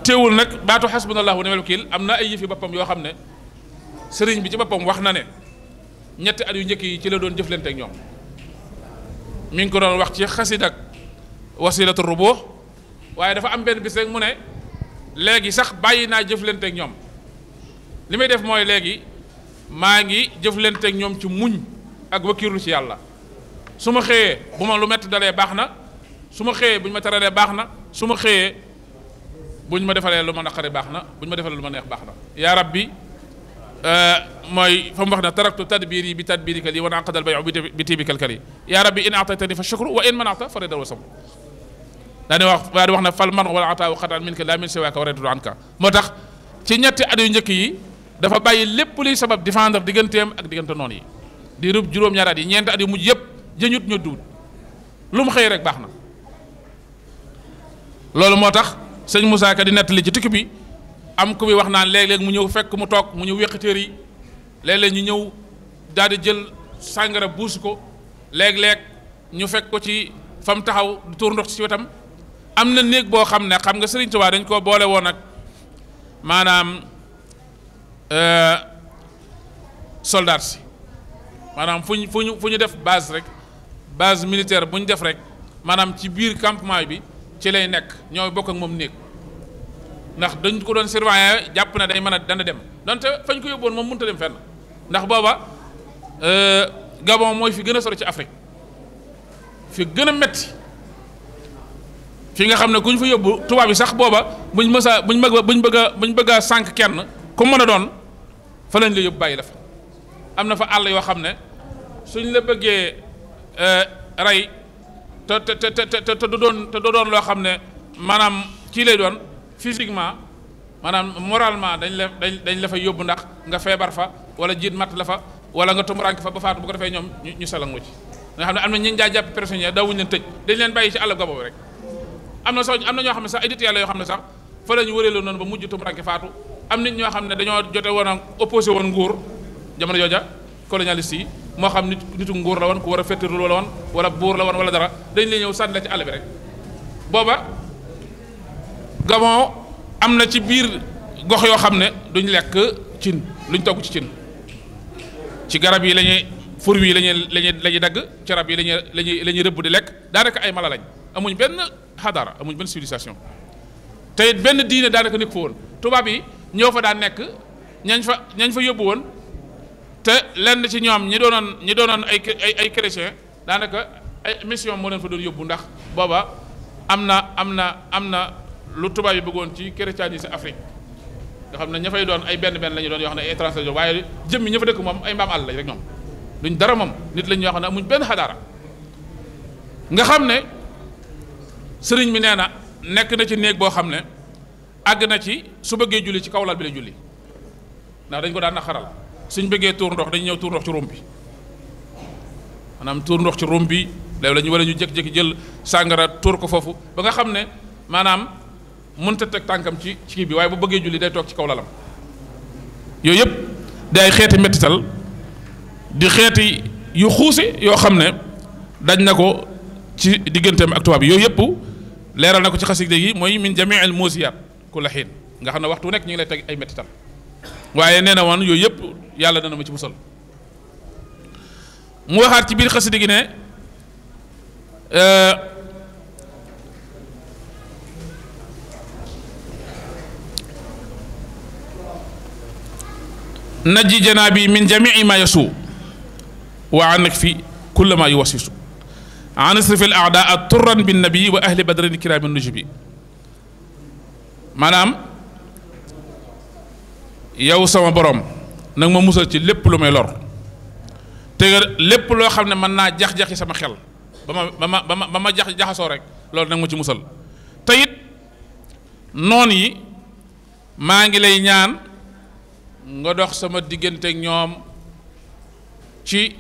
teewul nag baatu xasbunallahu wa ni'mal wakiil am na ay yëfi boppam yoo xam ne sëriñ bi ci boppam wax na ne ñetti at yu njëkk yi ci la doon jëflante ak ñoom mi ngi ko doon wax ci xasidak wasilatu rubuux waaye dafa am benn bis rek mu ne léegi sax bàyyi naa jëflanteeg ñoom li may def mooy léegi maa ngi jëflanteeg ñoom ci muñ ak wakkiirlu ci yàlla su ma xëyee bu ma lu metti dalee baax na su ma xëyee bu ñu ma taralee baax na su ma xëyee bu ma defalee lu ma naqari baax na bu ñu ma lu ma neex baax na yaa bi euh, mooy fa mu wax ne taraktu tadbiri bi tadbirika lii wa anqadal bayu bi tibikal kari yaa rabbi in aataytani fa shukru wa in manata fa ridal wa daa ne wax daa di wax na fal man wala ataaw xataan min ka laa min siwaaka an ka moo tax ci ñetti at yu njëkk yi dafa bàyyi lépp luy sabab défendre digganteem ak diggante noonu yi di rub juróom-ñaari yi ñeenti at yu mujj yëpp jëñut ñu duut lu mu xëy rek baax na loolu moo tax sëñ Moussa Ka di nettali ci tukki bi am ku muy wax naan léeg-léeg mu ñëw fekk mu toog mu ñu wéqatéer yi léeg-léeg ñu ñëw daal di jël sàngara buus ko léeg-léeg ñu fekk ko ci fa taxaw du ci wetam am na néeg boo xam ne xam nga Sëriñ Tuubaa dañ koo boole woon ak maanaam euh, soldat si maanaam fu ñu fu ñu ñu def base rek base militaire bu ñu def rek maanaam ci biir campement bi ci lay nekk ñooy bokk moom néeg ndax dañ ko doon surveiller jàpp na day mën a dana dem donte fañ ko yóbboon moom mënta dem fenn ndax booba euh, Gabon mooy fi gën a sori ci Afrique fi gën a metti fi nga xam ne ku ñu fa yóbbu tubaab yi sax booba buñ mës a buñ bëgg buñ bëgg a buñ bëgg sànq kenn ku mën a doon fa lañ la yóbbu bàyyi la fa am na fa àll yoo xam ne suñ la bëggee euh, rey te te te te te du doon te du doon loo xam ne maanaam kii lay doon physiquement maanaam moralement dañ la dañ dañ la fa yóbbu ndax nga feebar fa wala jiit matt la fa wala nga tumuraanke fa ba faatu bu ko defee ñoom ñu ñu salangu ci nga xam ne am na ñi ñu daa jàpp prisonnier daawuñu leen tëj dañ leen bàyyi ci àll ba boobu rek. am na sax am na ñoo xam ne sax ay nit yàlla yoo xam ne sax fa la ñu wëreeloo noonu ba mujj tumurànke faatu am nit ñoo xam ne dañoo jote woon ak opposé woon nguur jamono jooja colonialiste yi moo xam nit nitu nguur la woon ku war a fettirlu la woon wala buur la woon wala dara dañ lay ñëw sànni la ci àll bi rek booba Gabon am na ci biir gox yoo xam ne duñ lekk cin luñ togg ci cin ci garab yi lañuy fur yi lañuy lañuy lañuy dagg ci rab yi lañuy lañuy lañuy rëbb di lekk daanaka ay mala lañ amuñ benn xadara amuñ benn civilisation te it benn diine daanaka nekk fa woon tubaab yi ñoo fa daan nekk ñañ fa ñañ fa yóbbu woon te lenn ci ñoom ñi doonoon ñi doonoon ay ay ay chrétien daanaka ay mission moo leen fa doon yóbbu ndax booba am na am na am na lu tubaab yi bëggoon ci chrétienté Afrique nga xam ne ña doon ay benn benn la ñu doon yoo xam ne ay étranger waaye jëmmi ña fa dëkk moom ay mbaam àll lañ rek ñoom duñ dara moom nit lañ ñoo xam ne amuñ benn xadaara nga xam ne sëriñ bi nee na nekk na ci néeg boo xam ne àgg na ci su bëggee julli ci kaw bi la julli ndax dañ ko daan na xaral suñ bëggee tuur ndox dañ ñëw tuur ndox ci rom bi maanaam tuur ndox ci rom bi léegi la ñu wala ñu jékki-jékki jël sàngara tuur ko foofu ba nga xam ne maanaam mënta teg tànkam ci ci bi waaye bu bëggee julli day toog ci kaw lalam yooyu yëpp di ay xeeti mettital di xeeti yu xuuse yoo xam ne dañ na ko ci digganteem ak tubaab yooyu yëpp leeral na ko ci xasida yi mooy min jamii al musiyaat xiin nga xam ne waxtu nekk ñu ngi lay ay mettital waaye nee na woon yooyu yëpp yàlla dana ma ci musal mu waxaat ci biir xasida gi ne euh, najji janaabi min jamii ma yasu waa nag fi kulla ma yuwasisu ansrifil aadaa turran bin nabi wa ahli badrin kiraamin bi maanaam yow sama borom nag ma musal ci lépp lu may lor te lépp loo xam ne mën naa jax-jaxi sama xel ba ma ba ma ba jax jaxasoo rek loolu nag ma ci musal te noon yi maa ngi lay ñaan nga dox sama diggante ak ñoom ci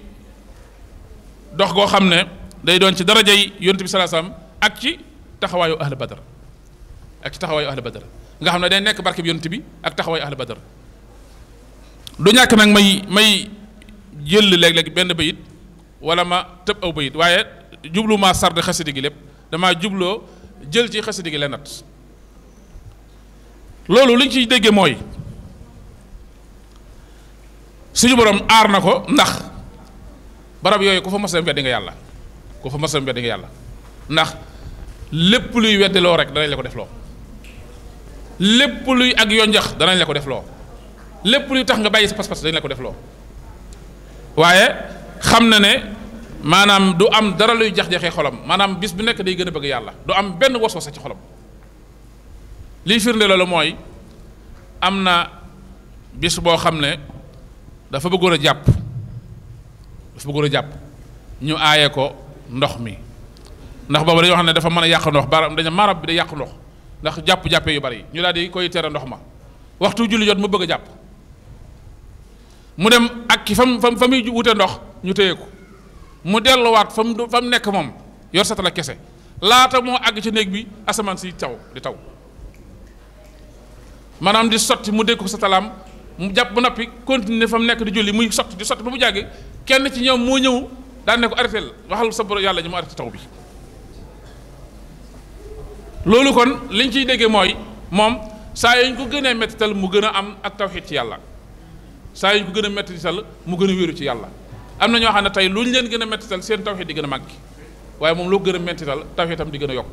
dox goo xam ne day doon ci daraja yi yonent bi sallallahu alayhi ak ci taxawaayu ahlu badar ak ci taxawaayu ahlu badar nga xam ne day nekk barke bi bi ak taxawaayu ahlu badar du ñàkk nag may may jël léeg-léeg benn bayit wala ma tëb aw bayit waaye jublu maa sarde xasidi gi lépp damaa jubloo jël ci xasidi gi lenat loolu liñ ciy dégge mooy suñu borom aar na ko ndax barab yooyu ko fa mos a nga yàlla ku fa masam weddi nga yàlla ndax lépp luy weddiloo rek danañ la ko def loo lépp luy ak yonjax danañ la ko def loo lépp luy tax nga bàyyi sa pas-pas dañ la ko def loo waaye xam na ne maanaam du am dara luy jax-jaxee xolom maanaam bis bu nekk day gën a bëgg yàlla du am benn wasoo sa ci xolam liy firnde loolu mooy am na bis boo xam ne dafa bëggoon a jàpp dafa bëggoon jàpp ñu aaye ko ndox mi ndax boobu dañoo xam ne dafa mën a yàq ndox baaraam dañu marab bi di yàq ndox ndax jàpp-jàppee yu bari ñu daal di koy tere ndox ma waxtu julli jot mu bëgg a jàpp mu dem ak ki fam fam fa ndox ñu téye ko mu delluwaat fa mu fa nekk moom yor satala kese laata moo àgg ci néeg bi asamaan si taw di taw maanaam di sotti mu dégg ko satalaam mu jàpp ba noppi continuer fa mu nekk di julli muy sotti di sot ba mu jàgg kenn ci ñoom moo ñëw daan ko arrêté la waxal sa borom yàlla ñu ma arrêté taw bi loolu kon liñ ciy déggee mooy moom saa yu ñu ko gënee mettital mu gën a am ak tawxiid ci yàlla saa yu ñu ko gën a mettital mu gën a wéeru ci yàlla am na ñoo xam ne tey lu ñu leen gën a mettital seen tawxiid di gën a màgg waaye moom loo gën a mettital tawxiidam di gën a yokk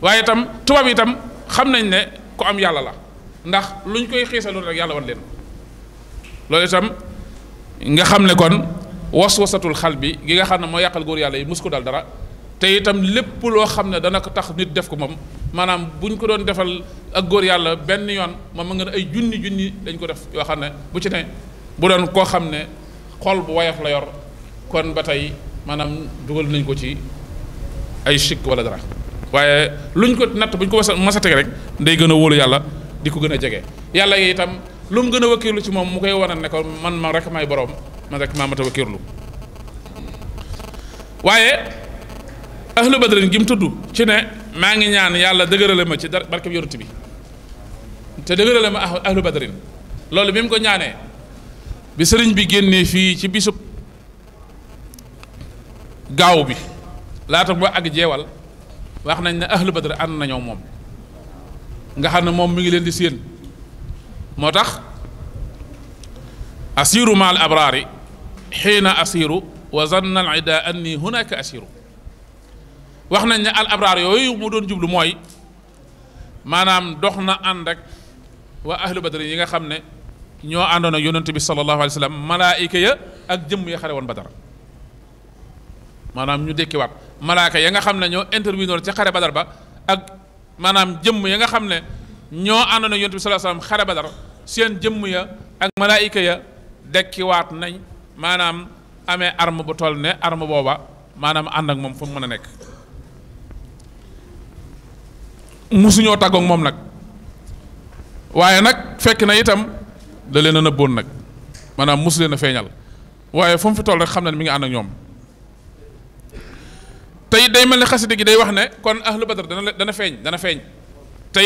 waaye itam tubaab yi tam xam nañ ne ku am yàlla la ndax lu ñu koy xiisaloon rek yàlla wan leen loolu itam nga xam ne kon. was waswasatul xal bi gi nga xam ne moo yàqal góor yàlla yi mus ko dal dara te itam lépp loo xam ne dana ko tax nit def ko moom maanaam bu ñu ko doon defal ak góor yàlla benn yoon moom ma nga ne ay junni junni dañ ko def yoo xam ne bu ci ne bu doon koo xam ne xol bu woyof la yor kon ba tey maanaam dugal nañ ko ci ay sikk wala dara waaye luñ ko natt buñ ñu ko masa teg rek day gën a wóolu yàlla di ko gën a jege yàlla itam. lu mu gën a wakkiirlu ci moom mu koy wanal ne ko man ma rek may borom ma rek maa mat a wakkiirlu waaye ahlu badrin gi mu tudd ci ne maa ngi ñaan yàlla dëgërale ma ci dar barkeb yonent bi te dëgërale ma ah-, ahlu badrin loolu bi mu ko ñaanee bi sëriñ bi génnee fii ci bisub gaaw bi laata ba ak jeewal wax nañ ne ahlu badr ànd nañoo moom nga xam ne moom mi ngi leen di séen moo tax asiru maal abraari xiina asiru wa zanna al ida anni hunaka wax nañ ne al abraar yooyu mu doon jublu mooy maanaam dox na ànd ak waa ahlu badri yi nga xam ne ñoo àndoon ak yonent bi sallallahu alayhi wa sallam malaayika ya ak jëmm ya xare woon badar maanaam ñu dékkiwaat malaaka ya nga xam ne ñoo intervenir ca xare badar ba ak maanaam jëmm ya nga xam ne ñoo àndoon ak yonent bi sallallahu alayhi wasallam xare Badar seen jëmm ya ak malaayika ya dekkiwaat nañ maanaam amee arme bu toll ne arme booba maanaam ànd ak moom fu mu mën a nekk musuñoo tàggoog moom nag waaye nag fekk na itam da leen a nëbboon nag maanaam musu leen a feeñal waaye fu mu fi toll rek xam na ne mi ngi ànd ak ñoom te day mel ne xasida gi day wax ne kon ahlu badar dana dana feeñ dana feeñ te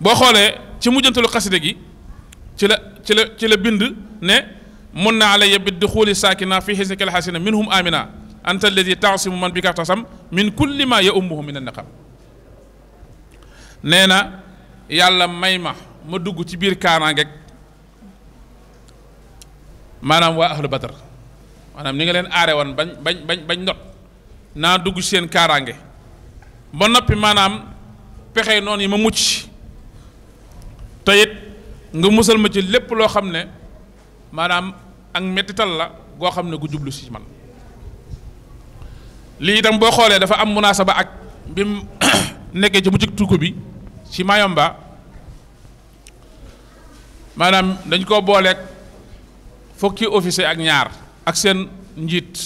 boo xoolee ci mujjantalu xasida gi ci la ci la ci la bind ne mun na alaya bi duxuli saakina fi xisnika alxasina minhum amina anta alladi taasimu man bi bika tasam min kulli ma ya ummuhu min annaqam nee na yàlla may ma ma dugg ci biir kaaraangeeg maanaam waa ahlu badar maanaam ni nga leen aare woon bañ bañ bañ bañ not naa dugg seen kaaraange ba noppi maanaam pexe noonu yi ma mucc te nga musal ma ci lépp loo xam ne maanaam ak mettital la goo xam ne gu jublu si man li lii itam boo xoolee dafa am munaasaba ak bi mu nekkee ci mujjug tukku bi ci Mayomba maanaam dañ koo booleeg fukki officier ak ñaar ak seen njiit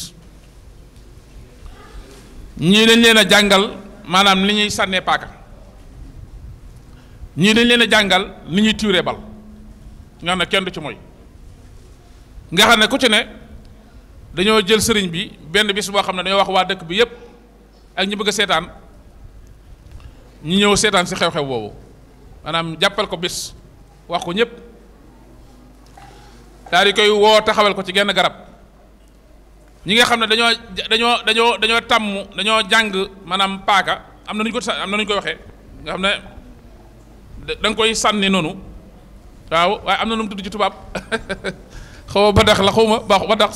ñii dañ leen a jàngal maanaam li ñuy sànnee paaka ñii dañ leen a jàngal li ñuy tiire bal nga xam ne kenn du ci mooy nga xam ne ku ci ne dañoo jël sëriñ bi benn bis boo xam ne dañoo wax waa dëkk bi yépp ak ñu bëgg a seetaan ñu ñëw seetaan si xew-xew boobu maanaam jàppal ko bis wax ko ñépp daal di koy woo taxawal ko ci genn garab ñi nga xam ne dañoo dañoo dañoo dañoo tàmm dañoo jàng maanaam paaka am na nu ñu ko am na nu ñu ko waxee nga xam ne. da koy sànni noonu waaw waaye am na nu mu tudd ci tubaab xaw ma ba dax la xaw ma baax ba dax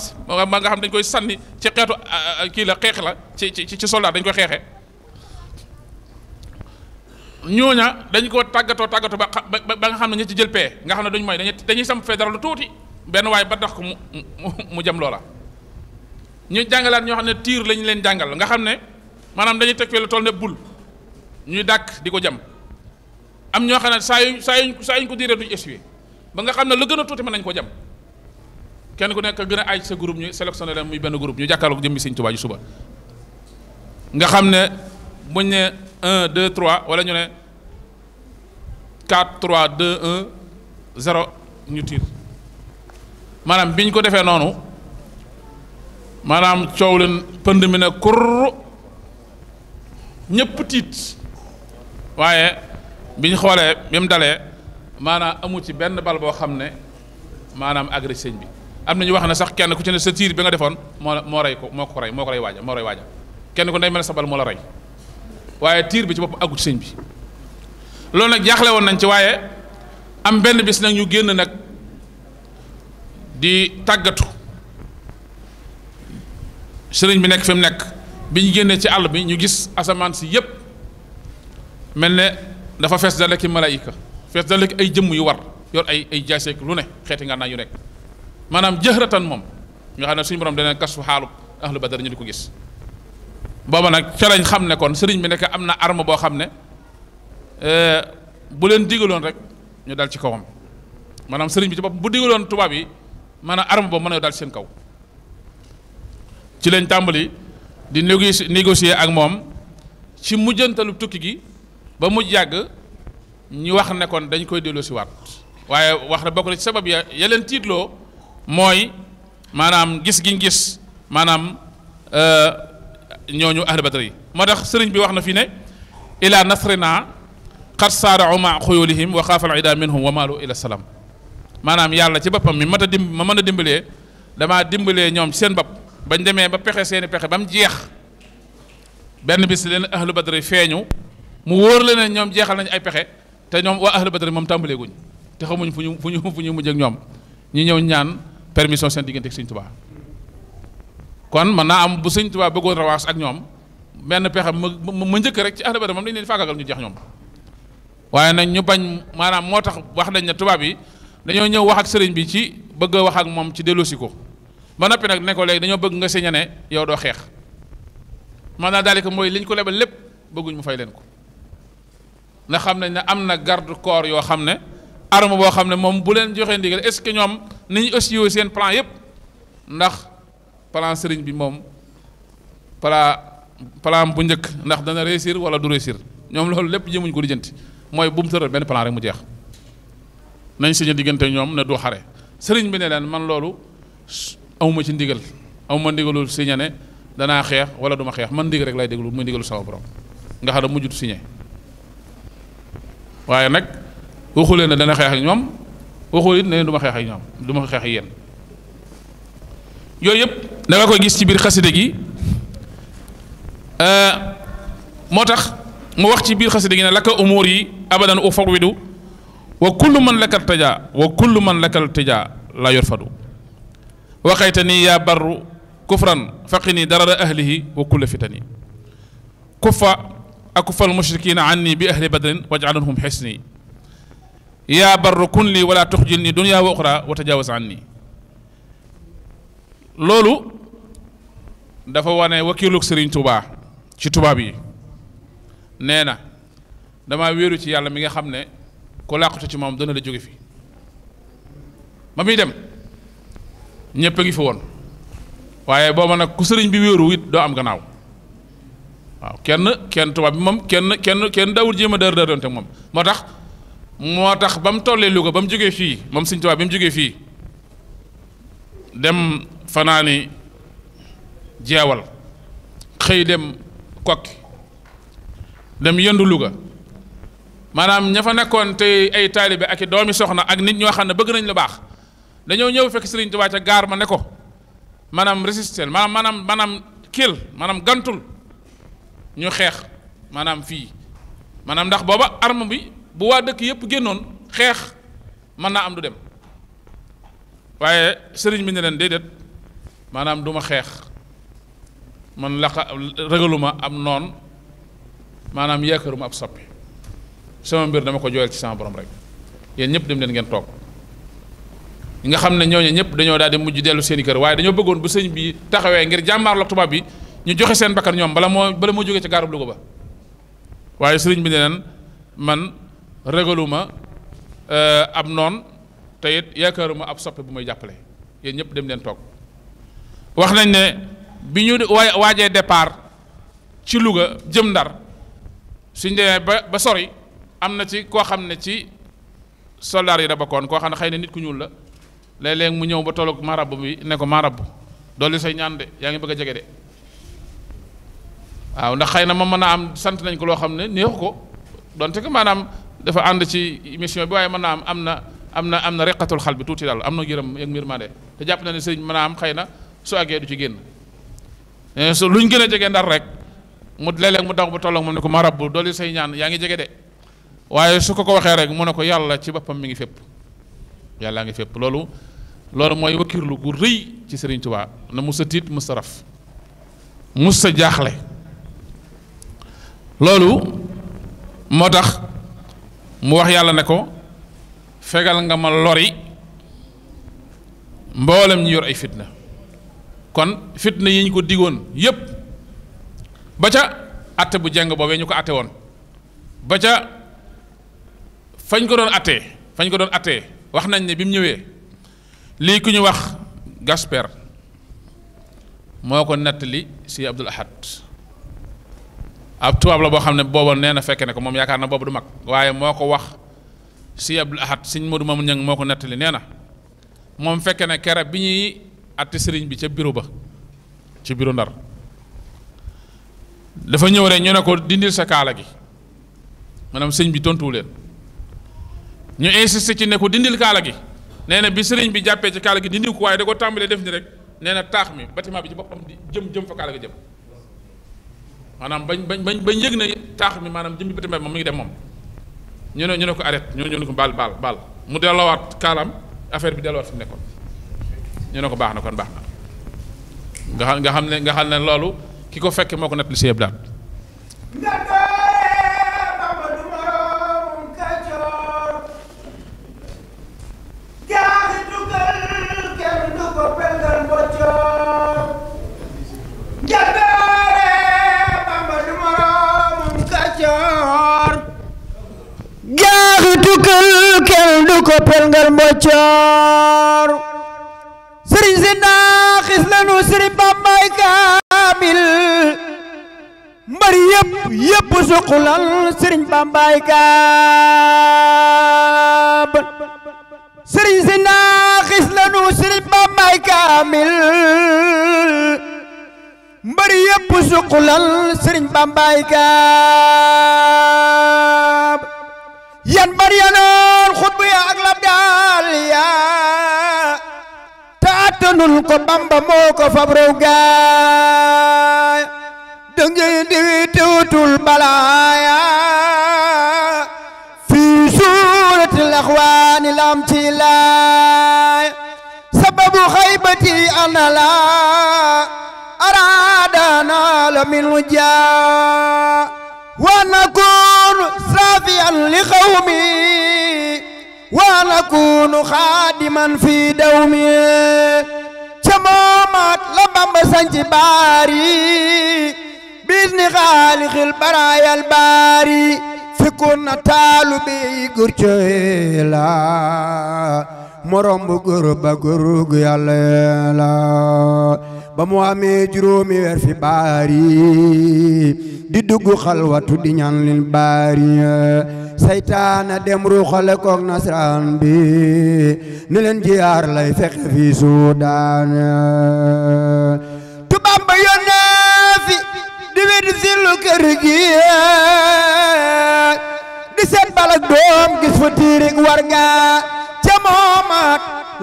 ma nga xam dañ koy sànni ci xeetu kii la xeex la ci ci ci soldat dañ koy xeexe ñooña dañ koo tàggatoo tàggatoo ba ba nga xam ne ñu ci jël pee nga xam ne duñ mooy dañuy dañuy samp fee dara lu tuuti benn waaye ba dax ko mu mu jëm loola. ñu jàngalaat ñoo xam ne tiir lañu leen jàngal nga xam ne maanaam dañuy teg fee lu toll ne bul ñuy dàkk di ko jëm. am ñoo xam ne saa yu saa yu saa yuñ ko diiree duñ essuyer ba nga xam ne lu gën a tuuti mën nañ ko jam kenn ku nekk gën a aaj sa group ñu sélectionné muy benn groupe ñu jàkkaarloog jëmmi Sëñ Tuubaa ji xam ne buñ ne un deux trois wala ñu ne quatre trois ñu tiir maanaam biñ ko defee noonu maanaam coow leen pënd mi ne kurr ñëpp tiit waaye bi ñu xoolee bi mu dalee maanaam amu ci benn bal boo xam ne maanaam agri sëñ bi am na ñu wax ne sax kenn ku ci ne sa tiir bi nga defoon moo moo rey ko moo ko rey moo ko rey waaja moo rey waaja kenn ku ne day mel ne sa bal moo la rey waaye tiir bi ci bopp aggu ci sëñ bi loolu nag jaaxle woon nañ ci waaye am benn bis nag ñu génn nag di tàggatu sëriñ bi nekk fi nekk bi ñu génnee ci àll bi ñu gis asamaan si yépp mel ne dafa fees dale ki malaayika fees dale ki ay jëmm yu war yor ay ay jaaseek lu ne xeeti nga naa yu nekk maanaam jëhratan moom nga xam ne suñu borom dana kasu xaalub ba badar ñu di ko gis booba nag ca lañ xam ne kon sëriñ bi nekk am na arme boo xam ne euh, bu leen digaloon rek ñu dal ci kawam maanaam sëriñ bi ci boppam bu digaloon tubaab yi maanaam arme boobu mën na dal ci seen kaw ci lañ tàmbali di négo négocier ak moom ci mujjantalu tukki gi ba mu jàgg ñu wax nekkoon dañ koy delloo si waat waaye wax na bokk na ci sabab ya ya leen tiitloo mooy maanaam gis giñ gis maanaam euh, ñooñu ahlu badar yi moo tax sëriñ bi wax na fi ne ila nasrina xat saarau ma xuyulihim wa xaafal ida minhum wa maalu ila salam maanaam yàlla ci boppam mi mat a ma mën a dimbalee damaa dimbalee ñoom seen bopp bañ demee ba pexe seeni pexe ba jeex benn bis leen ahlu badar yi feeñu mu wóor la ñoom jeexal nañ ay pexe te ñoom waa ahlu badar moom tàmbalee guñ te xamuñ fu ñu fu ñu fu ñu mujj ak ñoom ñu ñëw ñaan permission seen diggante ak sëñ Tuubaa kon mën naa am bu sëñ Tuubaa bëggoon rawaas ak ñoom benn pexe ma ma njëkk rek ci ahlu badar moom dañu leen faagaagal ñu jeex ñoom waaye nag ñu bañ maanaam moo tax wax nañ ne tubaab yi dañoo ñëw wax ak sëriñ bi ci bëgg a wax ak moom ci delloosi ko ba noppi nag nekkoo ko léegi dañoo bëgg nga saña ne yow doo xeex naa daal mooy liñ ko lebal lépp bëgguñ mu fay leen ko na xam nañ ne am na garde corps yoo xam ne arme boo xam ne moom bu leen joxee ndigal est-ce que ñoom nañu aussi seen plan yëpp ndax plan sëriñ bi moom plan plan bu njëkk ndax dana réussir wala du réussir ñoom loolu lépp jëmuñ ko lijjanti mooy bu mu tëral benn plan rek mu jeex nañ sañu diggante ñoom ne du xare sëriñ bi ne leen man loolu amuma ci ndigal amuma ndigalul signé ne danaa xeex wala duma xeex man ndigal rek lay déglu muy ndigalu sama borom nga xam ne waaye nag waxuleen ne dana xeex ñoom waxul it ne du ma xeex ñoom du ma xeex ak yooyu yëpp da koy gis ci biir xasida gi euh, moo tax mu wax ci biir xasida gi ne laka umuur yi abadan u fawidu wa kullu man lakal tajaa wa kullu man lakal tajaa la yorfadu waxayta nii yaa barru kufran faqi nii darara ahlihi wa kulla fitani kufa akufal mushrikiina anni bi ahli badrin waj'alhum xisni yaa barru kun lii wala tuxjilni dunya wa uxra wa tajaawaz anni loolu dafa wane wakiilug Serigne Touba tubaab yi nee na damaa wéeru ci yàlla mi nga xam ne ku làqatu ci moom dana la jóge fi ma muy dem ñëpp a ngi fi woon waaye booba nag ku sëriñ bi wéeru it doo am gannaaw. waaw kenn kenn tubaab bi moom kenn kenn kenn daawul jéem a dër dër doonte moom moo tax moo tax ba mu tollee Louga ba mu jógee fii moom sëñ tubaab bi mu jógee fii dem fanaani jeewal xëy dem kokki dem yendu Louga maanaam ña nekkoon tey ay taalibe ak i doomi soxna ak nit ñoo xam ne bëgg nañ la baax dañoo ñëw fekk sëriñ Tuubaa ca gaar ma ne ko maanaam résister maanaam manaam maanaam kiil maanaam gantul ñu xeex maanaam fii maanaam ndax booba arme bi bu waa dëkk yépp génnoon xeex mën naa am du dem waaye sëriñ bi ne leen déedéet maanaam duma xeex man laqa ragaluma am noon maanaam yaakaaruma ab soppi sama mbir dama ko jooyal ci sama borom rek yéen ñëpp dem leen ngeen toog ñi nga xam ne ñooñu ñëpp dañoo daal di mujj dellu seen i kër waaye dañoo bëggoon bu sëñ bi taxawee ngir jàmmaarloo tubaab bi ñu joxe seen bakkan ñoom bala moo bala moo jógee ci gaarub Louga ba waaye sëriñ bi ne leen man regaluma euh, ab noon te it yaakaaruma ab soppe bu may jàppale yéen ñëpp dem leen toog wax nañ ne bi ñu waa waajee départ ci Louga jëm Ndar suñ dee ba ba sori am na ci koo xam ne ci soldaar yi da bokkoon koo xam ne xëy na nit ku ñuul la léeg-léeg mu ñëw ba tolloog marab bi ne ko marab dolli say ñaan de yaa ngi bëgg a jege de waaw ndax xëy na ma mën a am sant nañ ko loo xam ne neexu ko donte que maanaam dafa ànd ci émission bi waaye mën naa am am na am na am na reqatul xal bi tuuti daal am na yërëm mbir yërmande te jàpp na ne sëriñ mën naa am xëy na su àggee du ci génn eh, su luñ gën a jege ndar rek mu léeg mu daw ba tolloog mu ne ko ma rabbu dooli say ñaan yaa ngi jege de waaye su ko ko waxee rek mu ne ko yàlla ci boppam mi ngi fépp yàllaa ngi fépp loolu loolu mooy wakkirlu gu rëy ci sëriñ Tuubaa na musa tiit musa raf musa jaaxle loolu moo tax mu wax yàlla ne ko fegal nga ma lori mboolem ñu yor ay fitna kon fitna yi ñu ko digoon yépp ba ca atte bu jeng boobee ñu ko atte woon ba ca fañ ko doon attee fañ ko doon attee wax nañ ne bi mu ñëwee lii ku ñu wax Gasper moo ko nettali si Abdul Ahad ab tubaab la boo xam ne booba nee na fekke ne ko moom yaakaar na boobu du mag waaye moo ko wax si Abdul Ahad sëñ Modou Mamoun Ñang moo ko nettali nee na moom fekke ne kere bi ñuy atti sëriñ bi ca biru ba ci biru Ndar dafa ñëw rek ñu ne ko dindil sa kaala gi maanaam sëñ bi tontuwu leen ñu insisté ci ne ko dindil kaala gi nee na bi sëriñ bi jàppee ci kaala gi dindil ko waaye da ko tàmbalee def ni rek nee taax mi bâtiment bi ci boppam di jëm jëm fa kaala maanaam bañ bañ bañ bañ yëg ne taax mi maanaam jëmmi bitim moom mi ngi dem moom ñu ne ñu ne ko arrêté ñu ne ñu ne ko baal baal baal mu delloowaat kaalam affaire bi delloowaat fi mu nekkoon ñu ne ko baax na kon baax na nga xam nga xam ne nga xam ne loolu ki ko fekkee moo ko nettali si yëpp
kël kël si naaxis lanu sëriñ bambay kaamil mbar yëpp yëpp suqulal bambay kaamil mbar yëpp suqulal sëriñ bambay kaamil yan bar yanoon xutbu ya ak labdaal ya te attanul ko bamba moo ko fab rew gaay dangay di tewtul balaaya fi suuratil axwaani lam ci laay sababu xaybati ana la araadana la min jaa ونكون سافيا لقومي ونكون خادما في دومي تمامات لبamba sanc baari bisni xaalixil baraayal
baari fikun na taalu bi góor la morom bu góor ba góor gu yàlla la ba mu amee juróomi weer fi baari di dugg xalwatu di ñaan lin baari saytaana dem ruuxale koog nasraan bi ni leen jiyaar lay fexe fi suudaan tubaab ba
yónnee fi di wedd si kër gi di seet balak doom gis fa tiirig war nga ca moomaat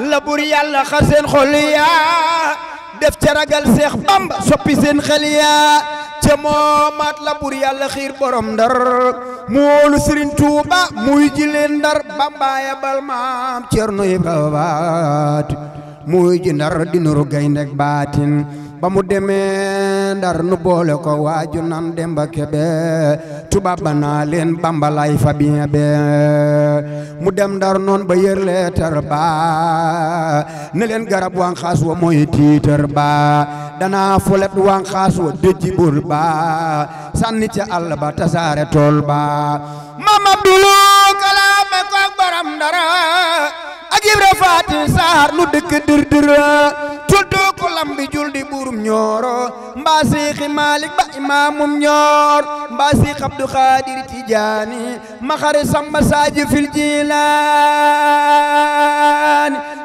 la bur yàlla xar seen xol yaa def ca ragal seex bamba soppi seen xel yaa ca moomaat la bur yàlla xiir borom
ndar mu wóolu sëriñ tuuba muy jileen ndar bambaaya bal maam cerno ibra baati muy ji ndar di nuru baatin ba mu demee ndar nu boole ko waaju nan demba kebe tubaab ba naa leen bambalay fabien mu dem ndar noon ba yër leetar ba ne leen garab wanxaas wa mooy tiitar ba danaa folet wanxaas wa dëjji bur ba sànni ca àll ba tasaare tool ba mama dulu
kala koog borom dara ak Ibra Faati Saar nu dëkk dër dër tuddu ko lambi jul di buurum ñooro mbaa Seexi Maalik ba imaamum ñoor mbaa Seex Abdu Xaadir Tijaani ma xare samba saaji fil jilaani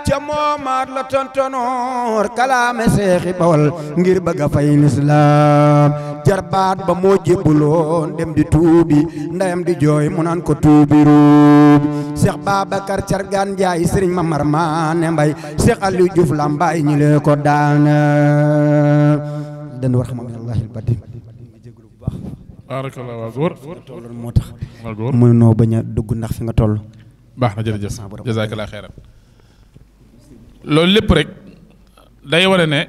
ca moomaat la tontonoor kalaame seexi bawal ngir bëgg a fay lislaam jarbaat ba moo jébbuloon dem di tuubi ndeyam di jooy mu naan ko tuubiru Cheikh Babacar Cargaan Njaay Sëriñ Mamar Maane Mbay Cheikh Aliou Diouf Lambaay ñu lee ko daana dan war xamam yàllahi albadim
moo tax
dugg ndax fi nga toll baax na
loolu lépp rek day wane ne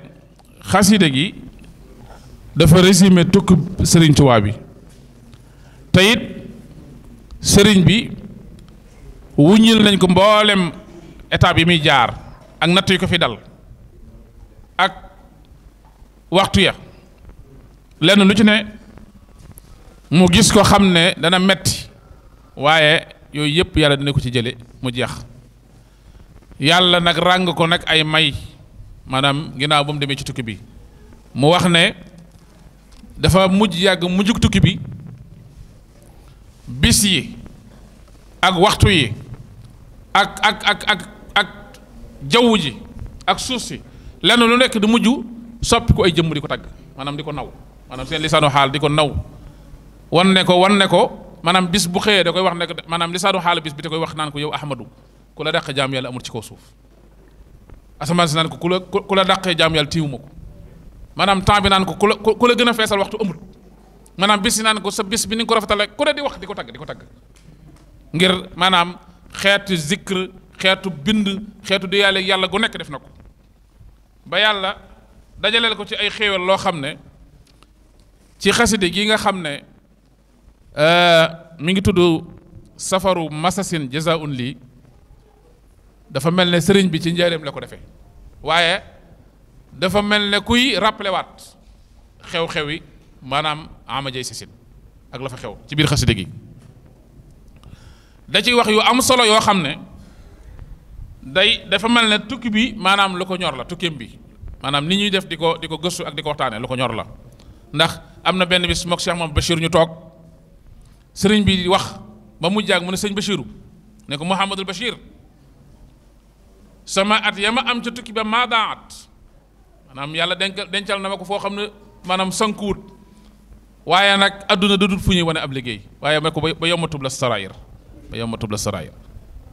xaside gi dafa résumé tukki sëriñ Tuubaa bi te bi wuññil nañ ko mboolem étape yi muy jaar ak natt yi ko fi dal ak waxtu ya lenn lu ci ne mu gis ko xam ne dana metti waaye yooyu yëpp yàlla dina ko ci jële mu jeex yàlla nag ràng ko nag ay may maanaam ginnaaw ba mu demee ci tukki bi mu wax ne dafa mujj yàgg mujjug tukki bi bis yi ak waxtu yi ak ak ak ak ak ji ak suuf si lenn lu nekk di mujj soppi ko ay jëmm di ko tagg maanaam di ko naw maanaam seen lisaanu xaal di ko naw wan ne ko wan ne ko maanaam bis bu xëyee da koy wax nekk ko maanaam lisaanu xaal bis bi da koy wax naan ko yow Ahmadu ku la dàq jaam yàlla amul ci kaw suuf asamaan si naan ko ku la ku la dàqee jaam yàlla tiiwuma ko maanaam temps bi naan ko ku la ku la gën a feesal waxtu amul maanaam bis yi naan ko sa bis bi ni nga ko rafetal rek ku ne di wax di tagg di ko tagg xeetu zikr xeetu bind xeetu du yàlla yàlla gu nekk def na ko ba yàlla dajaleel ko ci ay xéewal loo xam ne ci xaside gi nga xam ne euh, mu ngi tudd safaru masasin jazaun lii dafa mel ne sëriñ bi ci njaareem la ko defee waaye dafa mel ne kuy rappelé xew-xew yi maanaam ama jay sasin ak la fa xew ci biir xaside gi da ciy wax yu am solo yoo xam ne day dafa mal ne tukki bi maanaam lu ko ñor la tukkeem bi maanaam ni ñuy def di ko di ko gëstu ak di ko waxtaanee lu ko ñor la ndax am na benn bis mook Cheikh Mame Bachir ñu toog sëriñ bi wax ba mu jàng mu ne sëñ Bachiru ne ko Mouhamadul Bachir sama at yama am ca tukki ba maa daa maanaam yàlla dencal dencal na ma ko foo xam ne maanaam sankuwut waaye nag adduna dudut fu ñuy wane ab liggéey waaye ma ko ba yomatub la saraayir yawma tubla sarair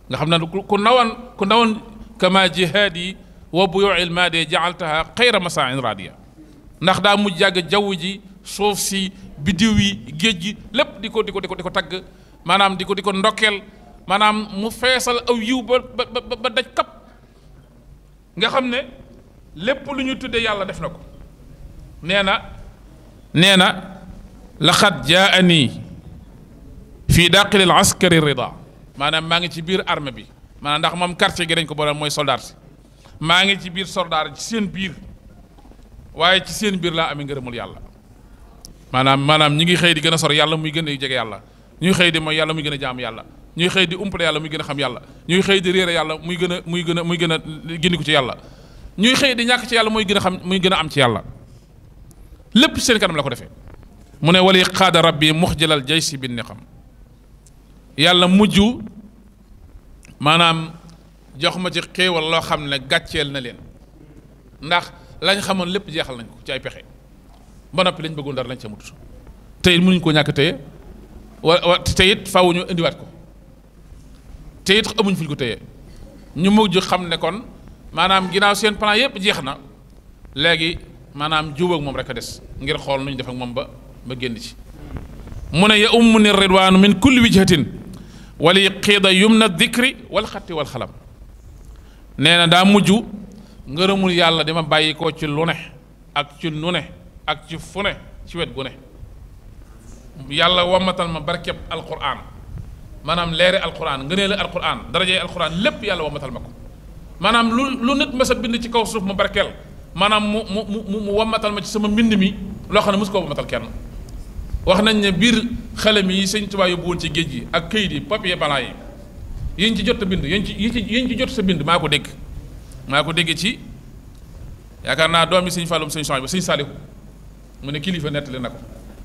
nga xam ne ku nawoon ku nawoon kama jihaadi wa buyuil maade jaaltaha xayra masaain radia ndax daa mujj yàgg jaww ji suuf si biddiw yi géej gi lépp di ko di ko di ko di ko tagg maanaam di ko di ko ndokkeel maanaam mu feesal aw yiw ba ba ba daj kap nga xam ne lépp lu ñu tuddee yàlla def na ko nee na nee na laqad fii daqil al askari rida maanaam maa ngi ci biir arme bi maanaam ndax moom quartier gi dañ ko boole mooy soldat si maa ngi ci biir soldat ci seen biir waaye ci seen biir laa amee ngërëmul yàlla maanaam maanaam ñi ngi xëy di gën a sor yàlla muy gën a jege yàlla ñuy xëy di mooy yàlla muy gën a jaam yàlla ñuy xëy di umpale yàlla muy gën a xam yàlla ñuy xëy di réere yàlla muy gën a muy gën a muy gën a gindiku ci yàlla ñuy xëy di ñàkk ci yàlla muy gën a xam muy gën a am ci yàlla lépp la ko defee mu ne wali qaada rabbi muxjalal jaysi bin niqam yàlla mujj maanaam jox ma ci xéewal loo xam ne gàcceel na leen ndax lañ xamoon lépp jeexal nañ ko ci ay pexe ba noppi lañ bëggoon dara lañ ca mut te it mënuñ koo ñàkk téye wa te it faaw indiwaat ko te it amuñ fuñ ko téye ñu mujj xam ne maanaam ginnaaw seen plan yëpp jeex na léegi maanaam jubóog moom rek a des ngir xool nu ñu def ak moom ba ba génn ci mu ne ya ummu ni ridwaanu min kulli wijhatin wali xiida yum na dikri wal xatti wal xalam nee na daa mujj ngërëmul yàlla dima bàyyi ko ci lu ak ci nu ak ci fu ci wet gu ne yàlla wammatal ma barkeb alquran maanaam leeri alquran ngëneeli alquran darajey alquran lépp yàlla wammatal ma ko maanaam lu lu nit mas bind ci kaw suuf mu barkeel maanaam mu mu mu mu wammatal ma ci sama mbind mi loo xam ne mosu koo wammatal kenn wax nañ ne biir xalam yi sëñ Tuubaa yóbbu woon ci géej gi ak këyit yi papier balaa yi yéen ci jot bind yéen ci yéen ci jot sa bind maa ko dégg maa ko déggee ci yaakaar naa doom yi sëñ Fallum sëñ Soñ ba sëñ Saliou mu ne kilifa nettali na ko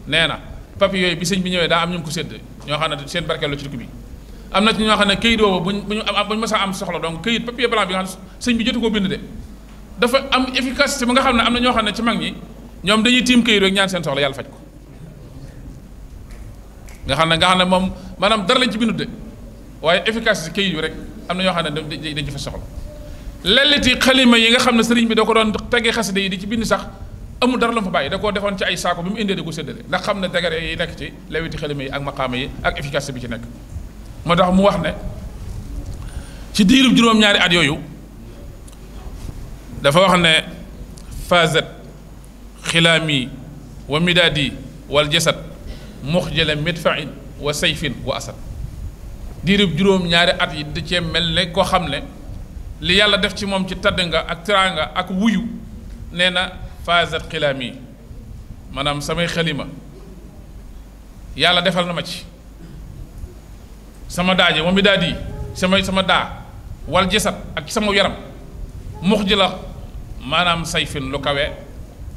nee na papier yooyu bi sëñ bi ñëwee daa am ñu ko sedd ñoo xam ne seen barkeelu ci dëkk bi am na ci ñoo xam ne këyit boobu bu buñ buñ mës a am soxla donc këyit papier blanc bi nga xam ne sëñ bi jotu koo bind de dafa am efficacité ba nga xam ne am na ñoo xam ne ci mag ñi ñoom dañuy tiim këyit rek ñaan yàlla faj ko nga xam ne nga xam ne moom maanaam dara lañ ci bindu de waaye efficacité kayit yu rek am na yoo xam ne dañ dañ ci fa soxla lelliti xalima yi nga xam ne sëriñ bi da ko doon tegee xasida yi di ci bind sax amul dara la mu fa bàyyi da koo defoon ci ay saako bi mu indee di ko séddale ndax xam ne dagare yi nekk ci lewiti xalima yi ak maqaama yi ak efficacité bi ci nekk moo tax mu wax ne ci diirub juróom-ñaari at yooyu dafa wax ne fazat xilaami wa midaadi wal jasad muxjala midfain wa sayfin wa asad diirub juróom-ñaari at yi di cee mel ne koo xam ne li yàlla def ci moom ci tàdd nga ak tiraanga ak wuyu nee na faazat xilaam yi maanaam samay xalima yàlla defal na ma ci sama daaje moom mi daa di samay sama daa wal jasad ak sama yaram mux ji la maanaam sayfin lu kawe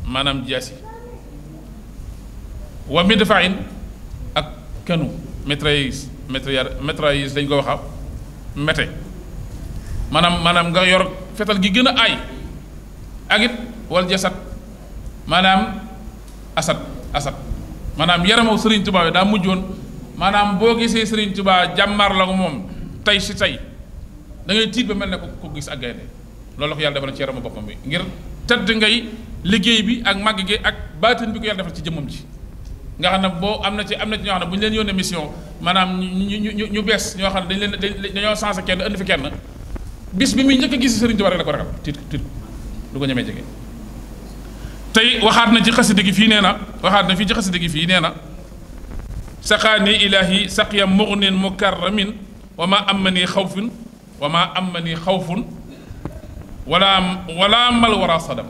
maanaam jaasi wa midfain ak kanu mitrailleuse yiis dañ ko waxa mété maanaam maanaam nga yor fetal gi gën a aay ak it wal jasad maanaam asad asad maanaam yaramaw Serigne Touba bi daa mujjoon maanaam boo gisee Serigne Touba jàmmaar la moom tey si tey da tiit ba mel ne ko ko gis ak gaynde la ko yàlla defal ci yaramu boppam bi ngir tëdd ngay liggéey bi ak màgg gi ak baatin bi ko yàlla defal ci jëmmam ji nga xam ne boo am na ci am na ci ñoo xam ne bu ñu leen yónnee mission maanaam ñu ñu ñu bees ñoo xam ne dañ leen dañoo sensé kenn indi fi kenn bis bi muy njëkk gis Sëriñ Tuubaa rek la ko ragal tiit tiit du ko ñemee jege. tey waxaat na ci xasida gi fii nee na waxaat na fii ci xasida gi fii nee na saqaani ilaahi saqya mughnin mukarramin wa ma amani xawfun wa ma amani xawfun wala wala mal wara sadam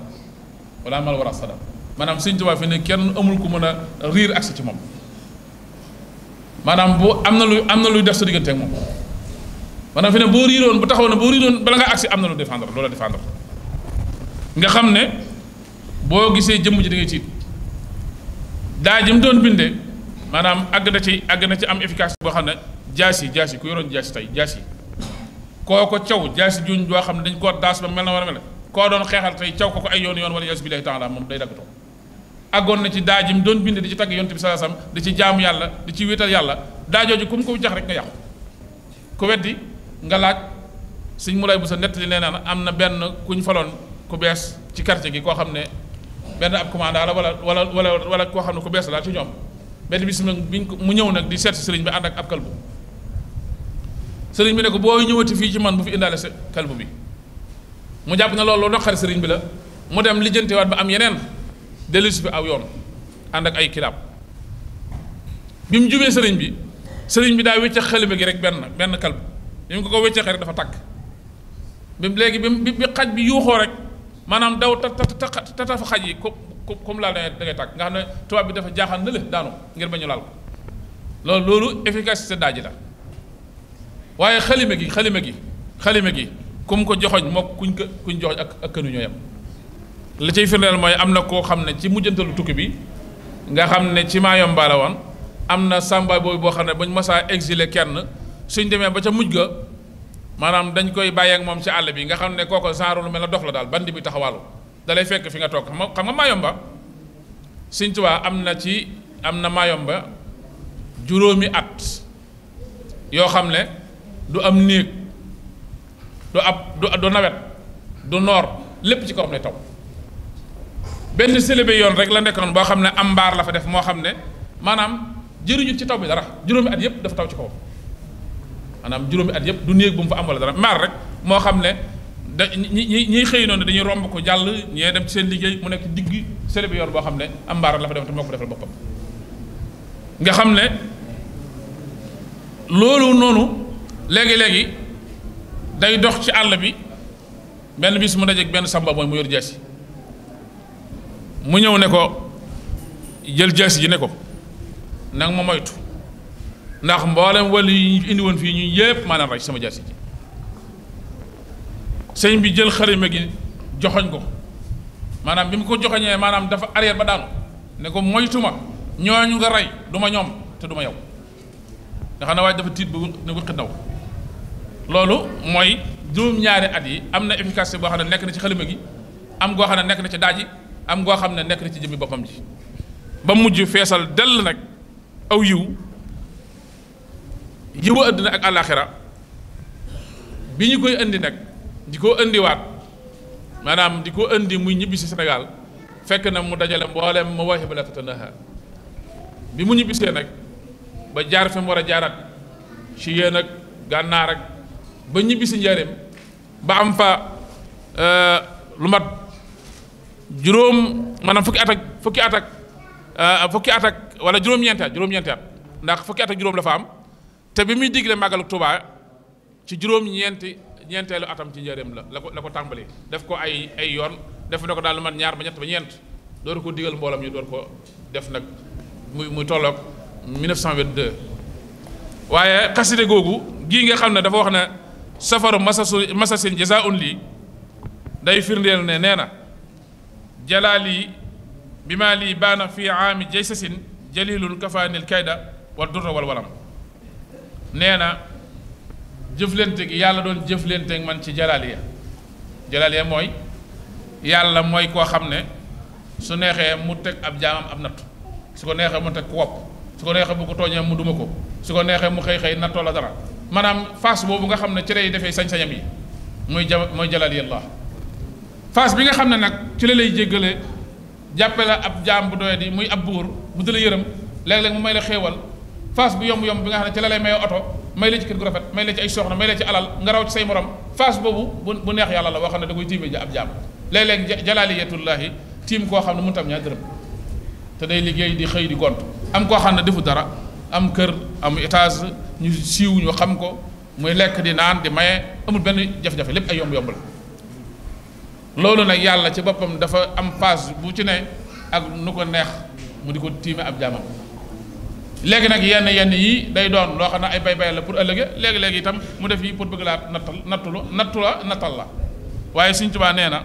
wala mal wara sadam maanaam sëñ Tuubaa fi ne kenn amul ku mën a riir accès ci moom maanaam bu am na luy am na luy def sa diggante ak moom maanaam fi ne boo riiroon bu taxaw ne boo riiroon bala nga accès am na lu défendre loola défendre nga xam ne boo gisee jëmm ji da ngay tiit daa ji mu doon bindee maanaam àgg na ci agg na ci am efficace boo xam ne jaas yi jaas yi ku yoroon jaas tey jaas yi koo ko caw jaas yi juñ boo xam ne dañ koo daas ba mel na war a mel koo doon xeexal te caw ko ko ay yoon yoon wala yas billahi taala moom day daggatoo àggoon na ci daajim doon bind di ci tagg yonent bi sallallahu alayhi wasallam di ci jaamu yàlla di ci wéetal yàlla daajooju ku mu ko jax rek nga yàqu ku weddi nga laaj sëñ Moulay bu sa nettali nee naan am na benn kuñ faloon ku bees ci quartier gi koo xam ne benn ab commandant la wala wala wala wala koo xam ne ku bees la ci ñoom benn bis nag biñ ko mu ñëw nag di seet si sëriñ bi ànd ak ab kalbu sëriñ bi ne ko boo ñëwati fii ci man bu fi indaale sa kalbu bi mu jàpp na loolu loo naqari sëriñ bi la mu dem lijjantiwaat ba am yeneen dellusi bi aw yoon ànd ak ay kilaab bi mu jubee sëriñ bi sëriñ bi daa wéccax xalima gi rek benn benn kalb bi mu ko ko wéccaxee rek dafa takk bi léegi bi bi xaj bi yuuxoo rek maanaam daw ta xaj yi comme comme laal da ngay tàkk nga xam ne tubaab bi dafa jaaxal na la daanu ngir ba laal loolu loolu efficacité daa la waaye xalima gi xalima gi xalima gi ku mu ko joxoñ mook kuñ ko kuñ joxoñ ak ak kënu ñooyam li cay firndeel mooy am na koo xam ne ci mujjantalu tukki bi nga xam ne ci Mayomba la woon am na sàmba boobu boo xam ne bañ masaa exilé kenn suñ demee ba ca mujj ga maanaam dañ koy bàyyi ak moom ci àll bi nga xam ne kooko genre lu mel ne dox la daal bandi bi taxawaalu dalay fekk fi nga toog xam nga Mayomba Sëñ Tuubaa am na ci am na Mayomba juróomi at yoo xam ne du am néeg du ab du nawet du noor lépp ci kawam lay taw benn sélébé yoon rek la nekkoon boo xam ne am mbaar la fa def moo xam ne maanaam jëriñu ci taw bi dara juróomi at yëpp dafa taw ci kaw maanaam juróomi at yëpp du néeg bu mu fa am wala dara mbaar rek moo xam ne da ñi ñi ñiy xëy noonu dañuy romb ko jàll ñee dem seen liggéey mu nekk digg sélébé yoon boo xam ne am mbaar la fa def te moo ko defal boppam nga xam ne loolu noonu léegi-léegi day dox ci àll bi benn bis mu dajeeg benn samba mooy mu yor jeesi mu ñëw ne ko jël jaasi ji ne ko nag ma moytu ndax mboolem wala yi indi woon fii ñu yépp maa leen rey sama jaasi ji sëñ bi jël xarima gi joxoñ ko maanaam bi mu ko joxoñee maanaam dafa arrière ba daanu ne ko moytu ma ñooñu nga rey du ma ñoom te duma ma yow nga xam ne waaye dafa tiit bu ne wéqi ndaw loolu mooy juróom-ñaari at yi am na efficacité boo xam ne nekk na ci xalima gi am goo xam ne nekk na ci daaj yi am ngoo xam ne nekk na ci jëmmi boppam ji ba mujj feesal dell nag aw yiw yiwu àddina ak àllaaxira bi ñu koy indi nag di ko indiwaat maanaam di ko indi muy ñibbi si Sénégal fekk na mu dajale mboolem mawaahibu laa tatanaha bi mu ñibbisee nag ba jaar fi mu war a jaarat ci yéen ak gànnaar ak ba ñibbisi njaareem ba am fa euh, lu mat juróom maanaam fukki at fukki at ak fukki at euh, wala juróom-ñeenti at juróom-ñeenti ndax fukki at juróom la fa am te bi muy digle màggalu Tuubaa ci juróom-ñeenti ñeenteelu atam ci njëreem la la ko tàmbali def ko ay ay yoon def na ko daal lu mat ñaar ba ñett ba ñeent door ko digal mboolam ñu door ko def nag muy muy tolloog 1922 waaye xaside googu gii nga xam ne dafa wax ne safaru masasu masasin jazaa'un lii day firndeel ne nee na jalaal yi bi ma lii baana fii aami jaysasin jalilun kafaanil kayda wa durra wal walam nee na jëflante gi yàlla doon jëflante man ci jalaaliya jalaaliya mooy yàlla mooy koo xam ne su neexee mu teg ab jaamam ab natt su ko neexee mu teg ku wopp su ko neexee bu ko tooñee mu duma ko su ko neexee mu xëy xëy nattoo la dara maanaam face boobu nga xam ne cere yi defee sañ-sañam yi muy ja mooy jalaaliya Allah phase bi nga xam ne nag ci la lay jéggale jàppe la ab jaam bu doyadi muy ab buur bu di la yërëm léeg-léeg mu may la xéewal phase bu yomb-yomb bi nga xam ne ci la lay maye oto may la ci kër gu rafet may la ci ay soxna may la ci alal nga ci say morom phase boobu bu neex yàlla la boo xam ne da koy tiimee ji ab jaam léeg-léeg jalaaliyatullaahi tiim koo xam ne mënut am ñaar dërëm te day liggéey di xëy di gont am koo xam ne defu dara am kër am étage ñu ñu xam ko muy lekk di naan di maye amul benn jafe lépp ay yomb-yomb loolu nag yàlla ci boppam dafa am phase bu ci ne ak nu ko neex mu di ko tiime ab jaamam léegi nag yenn yenn yii day doon loo xam ne ay bay-bay la pour ëllëge léegi-léegi itam mu def yi pour bëgg laa nattal nattulu nattu la nattal la waaye Sëriñ Tuubaa nee na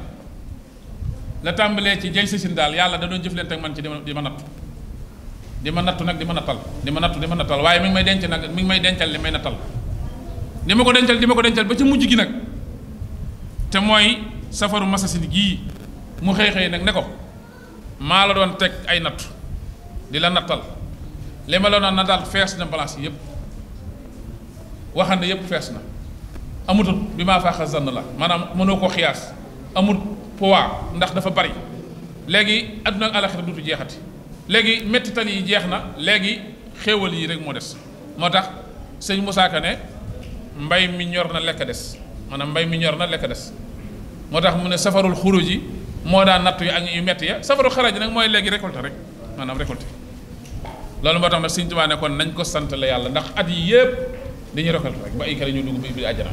la tàmbalee ci jëy sasin daal yàlla da doon jëflante ak man ci di ma natt di nattu nag di ma nattal di ma nattu di ma nattal waaye mi ngi may denc nag mi ngi may dencal li may nattal di ko dencal di ma ko dencal ba ci mujj gi nag te mooy safaru masasin gii mu xëy xëy nag ne ko maa la doon teg ay natt di la nattal li ma la doon nattal fees na balance yi yëpp waxande yëpp fees na amutut bi maa faax a zann la maanaam mënoo ko xiyaas amut poids ndax dafa bari léegi àdduna ak alaxira duutu jeexati léegi mettital yi jeex na léegi xéewal yi rek moo des moo tax sëñ Moussa Ka ne mbay mi ñor na lekk des maanaam mbay mi ñor na lekk des moo tax mu ne safarul xuruj yi moo daan nattu yi ak yu metti ya safarul xaraj nag mooy léegi récolté rek maanaam récolté loolu moo tax nag Sëriñ Tuubaa ne kon nañ ko sant la ndax at yi yëpp dañuy récolté rek ba ay kër ñu dugg bi bi àjjana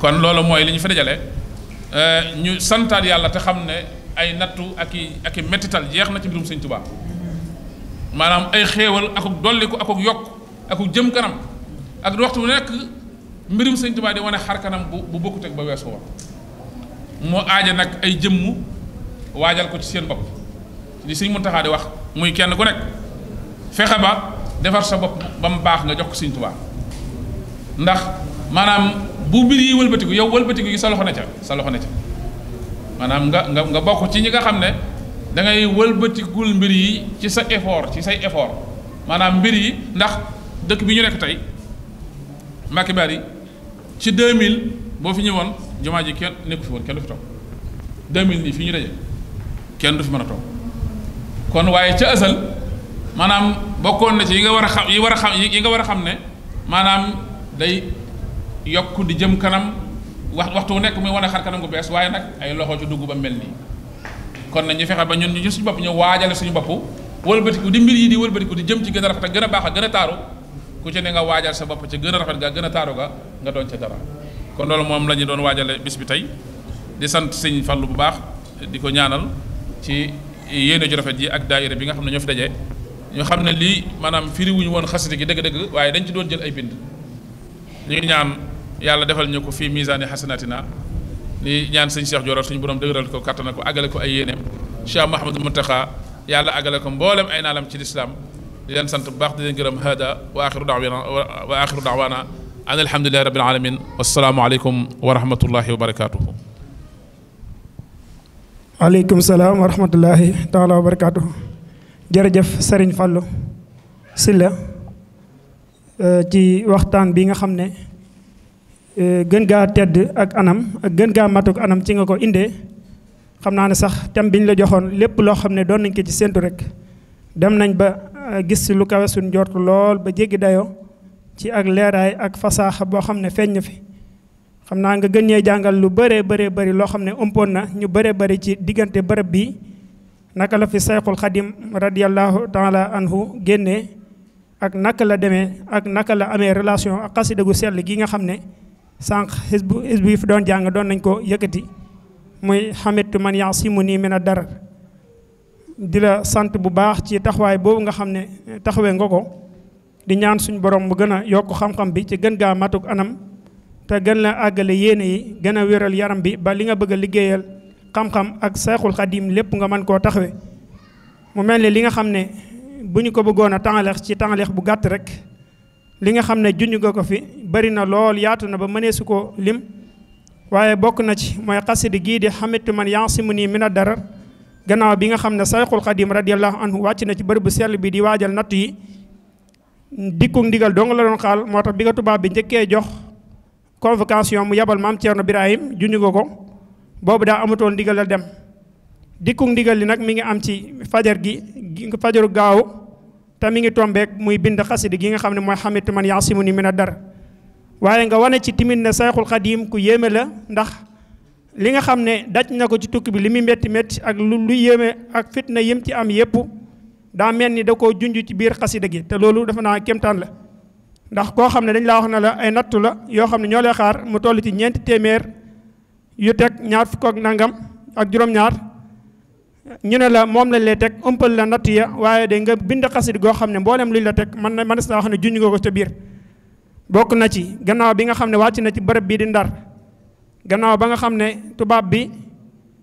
kon loolu mooy li ñu fa dajale euh, ñu santaat yàlla te xam ne ay nattu ak i ak i mettital jeex na ci mbirum Sëriñ Tuubaa maanaam ay xéewal akuk dolliku akuk yokk akuk jëm kanam ak waxtu bu nekk mbirum Sëriñ Tuubaa di wane xar kanam bu bu bokkut ak ba weesu woon moo aaja nag ay jëmm waajal ko ci seen bopp li sëñ Muntaxa di wax muy kenn ku nekk fexe ba defar sa bopp ba mu baax nga jox ko sëñ Tuubaa ndax maanaam bu mbir yi wëlbatiku yow wëlbatiku gi sa loxo ne ca sa loxo ne ca maanaam nga nga nga bokk ci ñi nga xam ne da ngay wëlbatikul mbir yi ci sa effort ci say effort maanaam mbir yi ndax dëkk bi ñu nekk tey Mbàkke yi ci 2000. boo fi ñëw woon jumaa ji kenn nekku fi woon kenn du fi toog 2000 nii fii ñu daje kenn du fi mën a toog kon waaye ca asal maanaam bokkoon na ci yi nga war a xam yi war a xam yi nga war a xam ne maanaam day yokk di jëm kanam wax waxtu wu nekk muy wane xar kanam gu bees waaye nag ay loxo ci dugg ba mel nii kon nag ñu fexe ba ñun ñu suñu bopp ñu waajale suñu bopp wëlbatiku di mbir yi di wëlbatiku di jëm ci gën a rafet ak gën a baax a gën a taaru ku ci ne nga waajal sa bopp ci gën a rafet ga gën a taaru ga nga doon ca dara kon loolu moom la ñu doon waajale bis bi tey di sant sëñ Fallu bu baax di ko ñaanal ci yéene ju rafet ji ak daa daayira bi nga xam ne ñoo fi daje ñu xam ne lii maanaam firi wuñu woon xasida gi dëgg-dëgg waaye dañ ci doon jël ay bind ñu ngi ñaan yàlla defal ñu ko fii misaani xasanatina li ñaan sëñ Cheikh joro suñu borom dëgëral ko kattan ko agale ko ay yéeneem Cheikh Mahamadou Muntaxa yàlla agale ko mboolem ay naalam ci lislaam di leen sant bu baax di leen gërëm hada wa axiru daawana wa axiru an alhamdulilahi rabbil alamin wassalaamu aleykum wa rahmatullahi wa barakatuhu
aleykum salaam wa rahmatullahi taala wa barakatuhu jërëjëf euh, ci waxtaan bi nga xam ne euh, gën gaa tedd ak anam ak gën gaa matuk anam ci nga ko indee xam naa ne sax thème biñ la joxoon lépp loo xam ne doon nañ ko ci séntu rek dem nañ ba euh, gis lu kawe suñ njort lool ba jéggi dayoo ci ak leeraay ak fasaaxa boo xam ne feeñ fi xam naa nga gën ñee jàngal lu bëree bëree bari loo xam ne ëmpoon na ñu bëree bari ci diggante bërëb bi naka la fi sayxul xadim radiallahu taala anhu génnee ak naka la demee ak naka la amee relation ak xasida gu sell gi nga xam ne sànq xisbu xisbu yi fi doon jàng doon nañ ko yëkkati muy xamitu man yaasimu nii min a dara di la sant bu baax ci taxawaay boobu nga xam ne taxawee nga ko di ñaan suñu borom mu gën a yokk xam-xam bi ci gën gaa matuk anam te gën la àggale yéene yi gën a wéral yaram bi ba li nga bëgg a liggéeyal xam-xam ak seexul xadim lépp nga man koo taxawe mu mel ni li nga xam ne bu ñu ko bëggoon a tàngaleex ci tàngaleex bu gàtt rek li nga xam ne junj nga ko fi bari na lool yaatu na ba mënee su ko lim waaye bokk na ci mooy xasidi gii di xamitu man yaa si yaasimu nii mina dara gannaaw bi nga xam ne sayxul xadim radiallahu anhu wàcc na ci bërëb bu sell di waajal natt yi dikku ndigal dong la doon xaal moo tax bi nga tubaab bi njëkkee jox convocation mu yabal maam Thierno Birahim junj ko ko boobu daa amatoon ndigal la dem dikku ndigal li nag mi ngi am ci fajar gi fajaru gaaw te mi ngi tombeek muy bind xasidi gi nga xam ne mooy xamitu man yaasimu ni mina dar waaye nga wane ci timit ne sayxul xadiim ku yéeme la ndax li nga xam ne daj na ko ci tukki bi li muy metti métti ak lu lu yéeme ak fitna yim ci am yépp daa mel ni da koo junj ci biir xasida gi te loolu dafa naa kémtaan la ndax koo xam ne dañ laa wax ne la ay nattu la yoo xam ne ñoo lay xaar mu toll ci ñeenti téeméer yu teg ñaar fukk ak nangam ak juróom-ñaar ñu ne la moom lañ lee teg ëmpal la natt ya waaye de nga bind xasida goo xam ne mboolem luñ la teg man na mënees naa wax ne junj nga ko ca biir bokk na ci gannaaw bi nga xam ne wàcc na ci bërëb bii di ndar gannaaw ba nga xam ne tubaab bi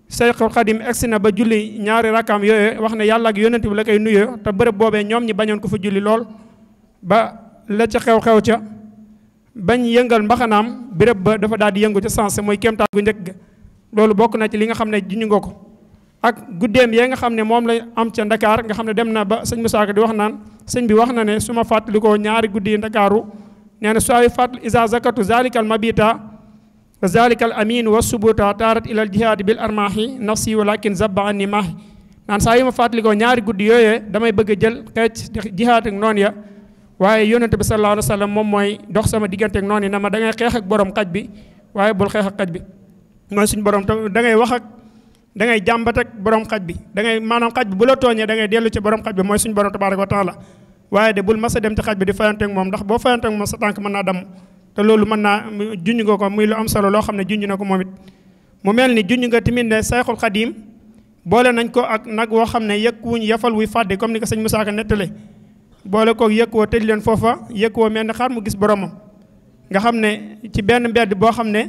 Seyxul Xadim egsi na ba julli ñaari rakkaam yooyu wax na yàlla ak yonent bi la koy nuyoo te bërëb boobee ñoom ñi bañoon ko fa julli lool ba la ca xew-xew ca bañ yëngal mbaxanaam béréb ba dafa daal di yëngu ca sens mooy kéemtaan gu njëkk ga loolu bokk na ci li nga xam ne jiñu nga ko ak guddeem yee nga xam ne moom la am ca Ndakaar nga xam ne dem na ba sëñ Moussa di wax naan sëñ bi wax na ne su ma fàttalikoo ñaari guddi Ndakaaru nee na sooy fàttali wa zalika al amin wa subuta taarat ila al jihaadi bil armaahi nafsi walakin zabba anni maahi naan saa yu ma fàttalikoo ñaari guddi yooyee damay bëgg a jël xeec jihaad ak noon ya waaye yonente bi sallallahu moom mooy dox sama diggante ak noonu yi na ma da ngay xeex ak borom xaj bi waaye bul xeex ak xaj bi mooy suñu borom tam da ngay wax ak da ngay jàmbat ak xaj bi da ngay maanaam xaj bi bu tooñee da ngay dellu ci borom xaj bi mooy suñu borom tabaraka wa taala waaye de bul mas a dem ci xaj bi di fayante moom ndax boo fayante ak moom sa tànk mën naa damm te loolu mën naa junj nga ko muy lu am solo loo xam ne junj na ko moom it mu mel ni junj nga tamit ne sayxul xadiim boole nañ ko ak nag woo xam ne yëkk wuñ yafal wuy fàdde comme ni ko sëñ Moussa Ka nettale boole koog yëkk woo tëj leen foofa yëkk woo mel ni xaar mu gis boromam nga xam ne ci benn mbedd boo xam ne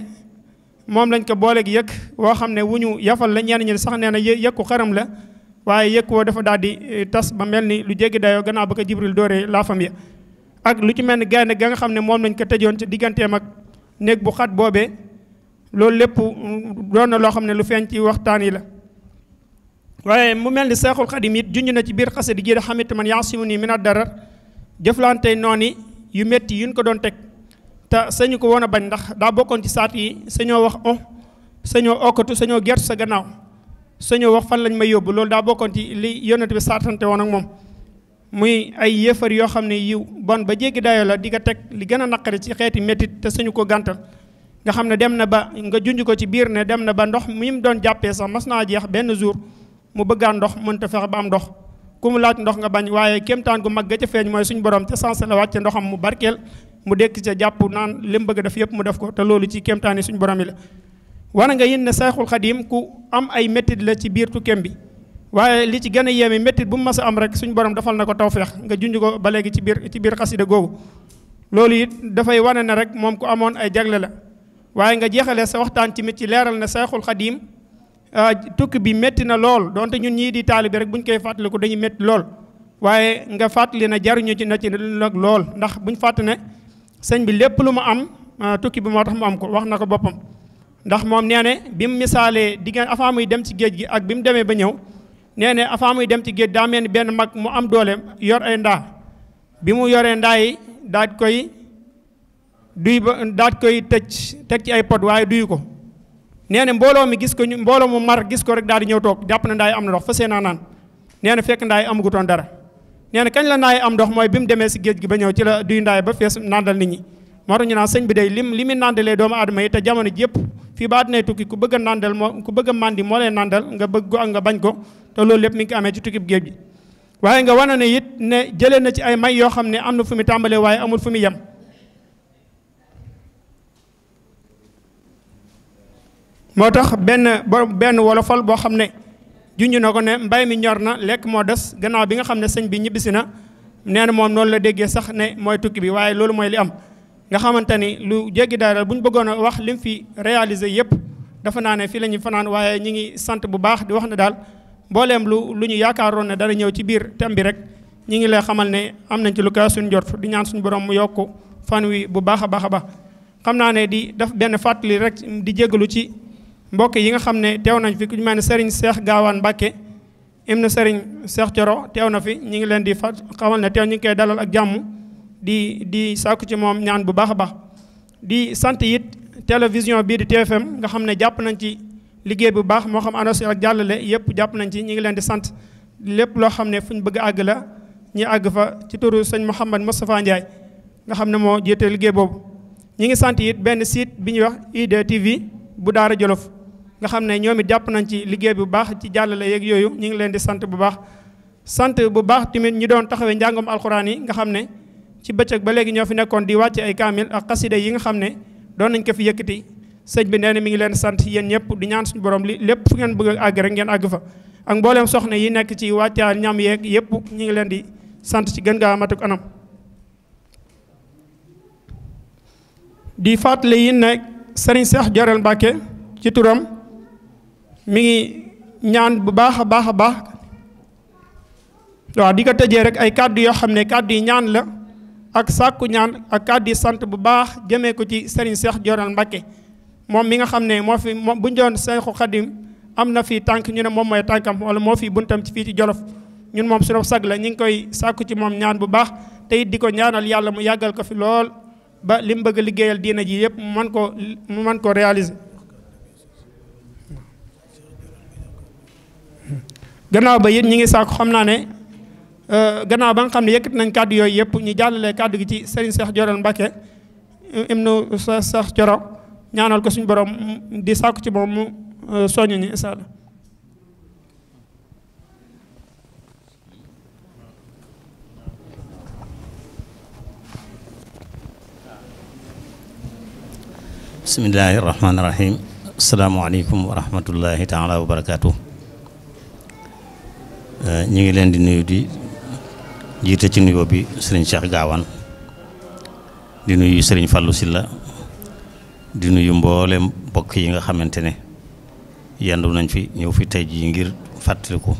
moom lañ ko booleeg yëkk woo xam ne wu ñu yafal la ñenn ñi sax nee na yëkku xaram la waaye yëkk woo dafa daal di eh, tas ba mel ni lu jéggi dayoo gannaaw ba ko Jibril dooree laafam ya ak lu ci mel ni gaynde ga nga xam ne moom lañ ko tëjoon ci digganteem ak néeg bu xat boobee loolu lépp doon na loo xam ne lu feeñ ci waxtaan yi la waaye mu mel ni seexul xadim it junj na ci biir xasida gi xamit man yaasimu nii mina darar jëflante yi yu métti yuñ ko doon teg te sañu ko woon a bañ ndax daa bokkoon ci saat yi sañoo wax on sañoo okkatu sañoo gertu sa gannaaw sañoo wax fan lañ may yóbbu loolu daa bokkoon ci li yonent bi saatante woon ak moom muy ay yëfar yoo xam ne yiw bon ba jéggi dayo la di ko teg li gën a naqari ci xeeti métit te suñu ko gàntal nga xam ne dem na ba nga junj ko ci biir ne dem na ba ndox mi mu doon jàppee sax mas naa jeex benn jour mu bëggaa ndox mënta fexe ba am ndox ku mu laaj ndox nga bañ waaye kéemtaan gu mag ga ca feeñ mooy suñu borom ca sens la wàcce ndoxam mu barkeel mu dekk ca jàpp naan li mu bëgg def yëpp mu def ko te loolu ci kéemtaan suñu borom yi la wana nga yén ne Sayxul Xadiim ku am ay métit la ci biir tukkeem bi waaye li ci gën a yéeme méttit bu mu mas a am rek suñu borom dafal na ko tawféex nga junj ko ba léegi ci biir ci biir xasida googu loolu it dafay wane na rek moom ku amoon ay jagle la waaye nga jeexale sa waxtaan ci mit ci leeral ne Seexul Xadiim tukki bi métti na lool donte ñun ñii di taalibe rek ñu koy fàttali ko dañuy métti lool waaye nga fàttali na jaruñu ci na ci nag lool ndax bu ñu fàtt na sëñ bi lépp lu ma am tukki bi moo tax mu am ko wax na ko boppam ndax moom nee ne bi mu misaalee diggante avant muy dem ci géej gi ak bi mu demee ba ñëw nee ne avant muy dem ci géej daa mel ni benn mag mu am doole yor ay ndaa bi mu yoree ndaa yi daat koy duy ba daat koy tëj teg ci ay pot waaye duyu ko nee ne mbooloo mi gis ko ñu mbooloo mu mar gis ko rek daal di ñëw toog jàpp na ndaa yi am ndox fa see naa naan nee na fekk ndaa yi amagutoon dara nee na kañ la ndaa yi am ndox mooy bi mu demee si géej gi ba ñëw ci la duy ndaa yi ba fees nandal nit ñi moo tax ñu naa sëñ bi day lim li mu nandalee doomu aadama yi te jamono ji fii ba àddinay tukki ku bëgg a nàndal moo ku bëgg a màndi moo leen nàndal nga bëgg ko ak nga bañ ko te loolu lépp mi ngi ko amee ci tukkib géej bi waaye nga wane ne it ne jëlee na ci ay may yoo xam ne am na fu muy tàmbalee waaye amul fu mu yem moo tax benn benn wolofal boo xam ne junj na ko ne mbay mi ñor na lekk moo des gannaaw bi nga xam ne sëñ bi ñibbisi na nee na moom noonu la déggee sax ne mooy tukki bi waaye loolu mooy li am nga xamante ni lu jéggi daal bu ñu bëggoon a wax lim fi réaliser yëpp dafa naa ne fii la ñuy fanaan waaye ñi ngi sant bu baax di wax na daal mbooleem lu lu ñu yaakaaroon ne dara ñëw ci biir thème bi rek ñi ngi lay xamal ne am nañ ci lu suñu jot di suñu borom mu yokk fan wi bu baax a baax a baax xam naa ne di daf benn fàttali rek di jégalu ci mbokk yi nga xam ne teew nañ fi ku ñu mel ne Serigne Cheikh Gaawaan Mbacke im na Serigne Cheikh Thioro teew na fi ñi ngi leen di fa xamal ne teew ñu ngi koy dalal ak jàmm di di sàkku ci moom ñaan bu baax a baax di sant it télévision bii di TFM nga xam ne jàpp nañ ci liggéey bu baax moo xam annonce ak jàllale yëpp jàpp nañ ci ñu ngi leen di sant lépp loo xam ne fu ñu bëgg àgg la ñu àgg fa ci turu sëñ Mouhamed Moustapha Ndiaye nga xam ne moo jiite liggéey boobu. ñi ngi sant it benn site bi ñuy wax IDTV bu Daara Jolof nga xam ne ñoom it jàpp nañ ci liggéey bu baax ci jàllale yeeg yooyu ñu ngi leen di sant bu baax sant bu baax tamit ñu doon taxawee njàngam alxuraan yi nga xam ne. ci bëccëg ba léegi ñoo fi nekkoon di wàcce ay kaamil ak xasida yi nga xam ne doon nañ ko fi yëkkati sëñ bi nee na mi ngi leen sant yéen ñëpp di ñaan suñu borom li lépp fu ngeen bëgg a àgg rek ngeen àgg fa ak mbooleem soxna yi nekk ci wàccaal ñam yeeg yëpp ñu ngi leen di sant ci gën gaa matuk anam di fàttali yi ne sëriñ Seex Joreel Mbàkke ci turam mi ngi ñaan bu baax a baax a baax waaw di ko tëjee rek ay kàddu yoo xam ne kàddu yi ñaan la ak sàkku ñaan ak kàddi sant bu baax jëmee ko ci Serigne Cheikh Joral Mbacke moom mi nga xam ne moo fi moom bu ñu doon Seexu Xadim am na fii tànk ñu ne moom mooy tànkam wala moo fi buntam ci fii ci Jolof ñun moom suñu sag la ñu ngi koy sàkku ci moom ñaan bu baax te it di ko ñaanal yàlla mu yàggal ko fi lool ba lim mu bëgg liggéeyal diina ji yëpp mu mën koo mu mën koo réaliser. gannaaw ba yéen ñi ngi sàkku xam naa ne Euh, gannaaw ba nga xam ne yëkkat nañ kàddu yooyu yëpp ñu jàllale kàddu gi ci Serigne Cheikh Diorel Mbacke ibnu Cheikh Dioro ñaanal ko suñu borom di sàkku ci moom mu euh, soññu ñu incha allah
bismillaahi rahmaani rahiim asalaamaaleykum wa rahmatullaahi taala euh, ñu ngi leen di nuyu di jiite ci nuyoo bi sëriñ Cheikh Gaawaan di nuyu sëriñ Fallou Silla di nuyu mboolem mbokk yi nga xamante ne yendu nañ fi ñëw fi tey jii ngir fàttaliku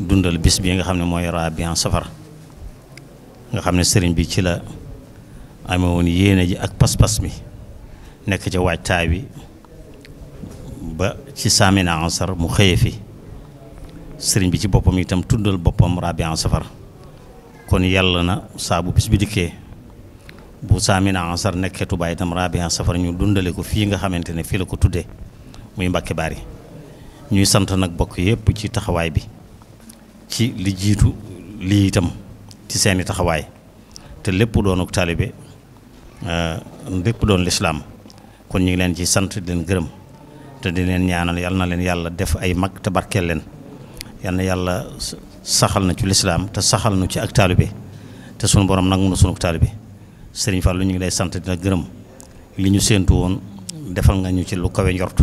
dundal biss bi nga xam ne mooy Rabian Safar nga xam ne sëriñ bi ci la amee woon ji ak pas-pas mi nekk ca waajtaay wi ba ci na ansar mu xëye fi seriñ bi ci boppam itam tuddal boppam Rabian Safar kon yàlla na saabu bis bi dikkee bu saamina ansar nekkee Tuubaa itam rabian safar ñu dundale ko fii nga xamante ne fii la ko tuddee muy Mbàkke Bari ñuy sant nag bokk yépp ci taxawaay bi ci li jiitu lii itam ci seeni taxawaay te lépp doonuk taalibe euh, lépp doon lislaam kon ñu ngi leen ci sant di gërëm te di leen ñaanal yàlla na leen yàlla def ay mag te barkeel leen yal yàlla saxal na ci lislaam te saxal nu ci ak taalibe te sunu borom nangu na sunu taalibe sëriñ Fallou ñu ngi lay sant dina gërëm li ñu séentu woon defal nga ñu ci lu kawe njort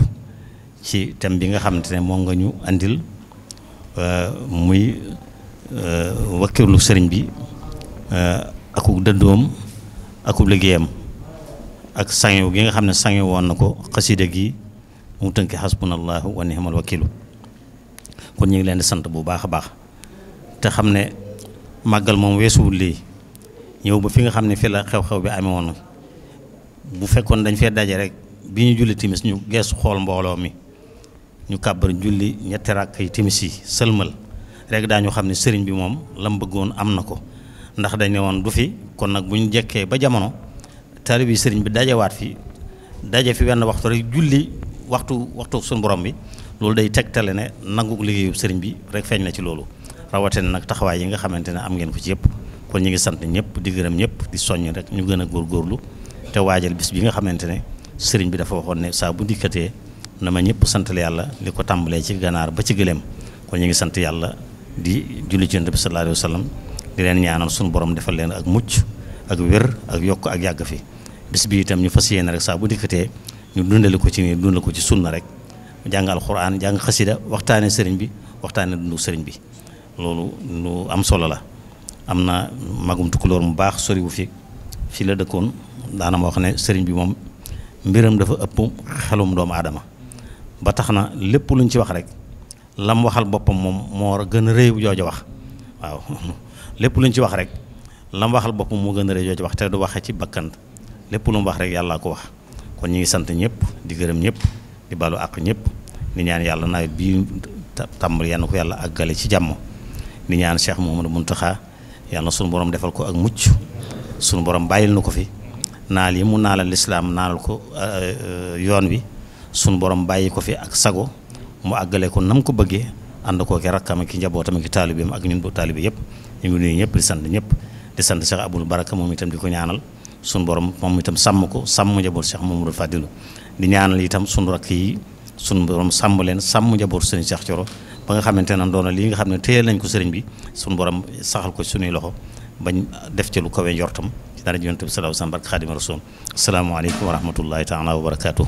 ci thème bi nga xamante ne moom nga ñu andil euh, muy euh, wakkirlu sëriñ bi euh, akub dëddoom akub liggéeyam ak sangew gi nga xam ne sangew woon na ko xasida gi mu tënki xasbunallahu wa ni'mal wakilu kon ñu ngi leen di sant bu baax a baax te xam ne màggal moom weesuwul lii ñëw ba fi nga xam ne fi la xew-xew bi amee woon bu fekkoon dañ fee daje rek bi ñu julli timis ñu geesu xool mbooloo mi ñu kàbbar julli ñetti ràkk yi timis yi sëlmal rek daañu xam ne sëriñ bi moom lam bëggoon am na ko ndax dañ woon du fi kon nag bu ñu jekkee ba jamono tari bi sëriñ bi dajewaat fi daje fi wenn waxtu rek julli waxtu waxtu suñu borom bi loolu day tegtale ne nangu liggéeyu sëriñ bi rek feeñ na ci loolu rawatina nag taxawaay yi nga xamante ne am ngeen ko ci yëpp kon ñu ngi sant ñëpp di gërëm ñëpp di soññ rek ñu gën a góorgóorlu te waajal bis bi nga xamante ne sëriñ bi dafa waxoon ne saa bu dikkatee na ma ñëpp santal yàlla li ko tàmbalee ci ganaar ba ci gëléem kon ñu ngi sant yàlla di julli ci yonent bi sallallahu alayhi suñu borom defal leen ak mucc ak wér ak yokk ak yàgg fi bis bi itam ñu fas yéene rek saa bu dikkatee ñu dundale ko ci nii dundale ko ci sunna rek jàng alxuraan jàng xasida waxtaane sëriñ bi waxtaane dundu sëriñ bi loolu lu am solo la am na magum tukkuloor mu baax sori wu fi fii la dëkkoon daana ma wax ne sëriñ bi moom mbiram dafa ëpp xelum doomu aadama ba tax na lépp luñ ci wax rek lam waxal boppam moom moo gën a rëy bu jooju wax waaw lépp luñ wax rek lam waxal boppam moo gën a rëy wax te du waxe ci bakkan lépp lu mu wax rek yàllaa ko wax kon ñu ngi sant ñëpp di gërëm ñëpp di balu àq ñëpp di ñaan yàlla nawet bii tàmbali yenn ko yàlla ak àggale ci jàmm di ñaan Cheikh Mouhamadou taxa yàlla na sunu borom defal ko ak mucc sunu borom bàyyil na ko fi naal yi mu naalal lislaam naalal ko euh, yoon wi sunu borom bàyyi ko fi ak sago mu àggale ko nam ko bëggee ànd koo ki rakkam ki njabootam ki taalibeem ak ñun bu taalibe yëpp ñu ngi nuyu ñëpp di sant ñëpp di sant Cheikh abul Baraka moom itam di ko ñaanal sunu borom moom itam sàmm ko sàmm njaboot moom Mouhamadou Fadilou di ñaanal itam sunu rakk yi sunu borom sàmm leen sàmm njaboot seen Cheikh Thioro ba nga xamante ne doona li nga xam ne téyeel nañ ko sëriñ bi suñu borom saxal ko suñuy loxo bañ def ci lu kawe njortam ci dara yonent bi sallallahu alayhi wa sallam barke Xaadimu Rasuul asalaamaaleykum wa rahmatullahi taala wa barakaatu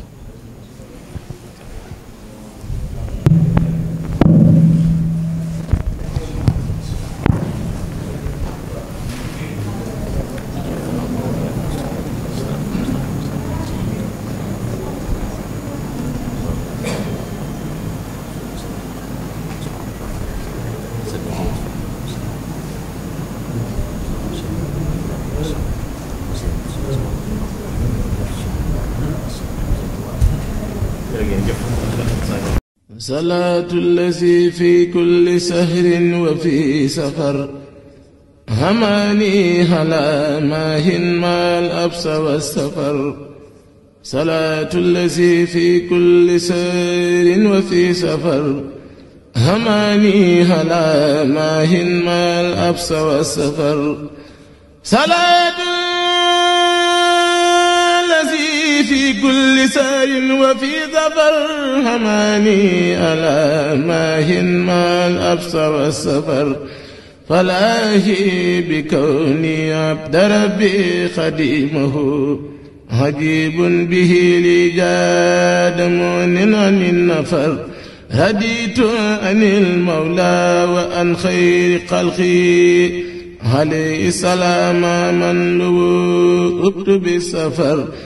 salaatu lazi fi kulli sahrin wa fi safar hamaani hala maahin maal absa wa safar salaatu lazi fi kulli sahrin wa fi safar hamaani hala maahin maal absa wa safar salaatu في كل سار وفي ظفر هماني ألا ماهن ما الأبصر والسفر فلاهي بكوني عبد ربي خديمه عجيب به لي جاد مؤن عن النفر هديت عن المولى وأن خير خلقي عليه السلام من لو أكتب السفر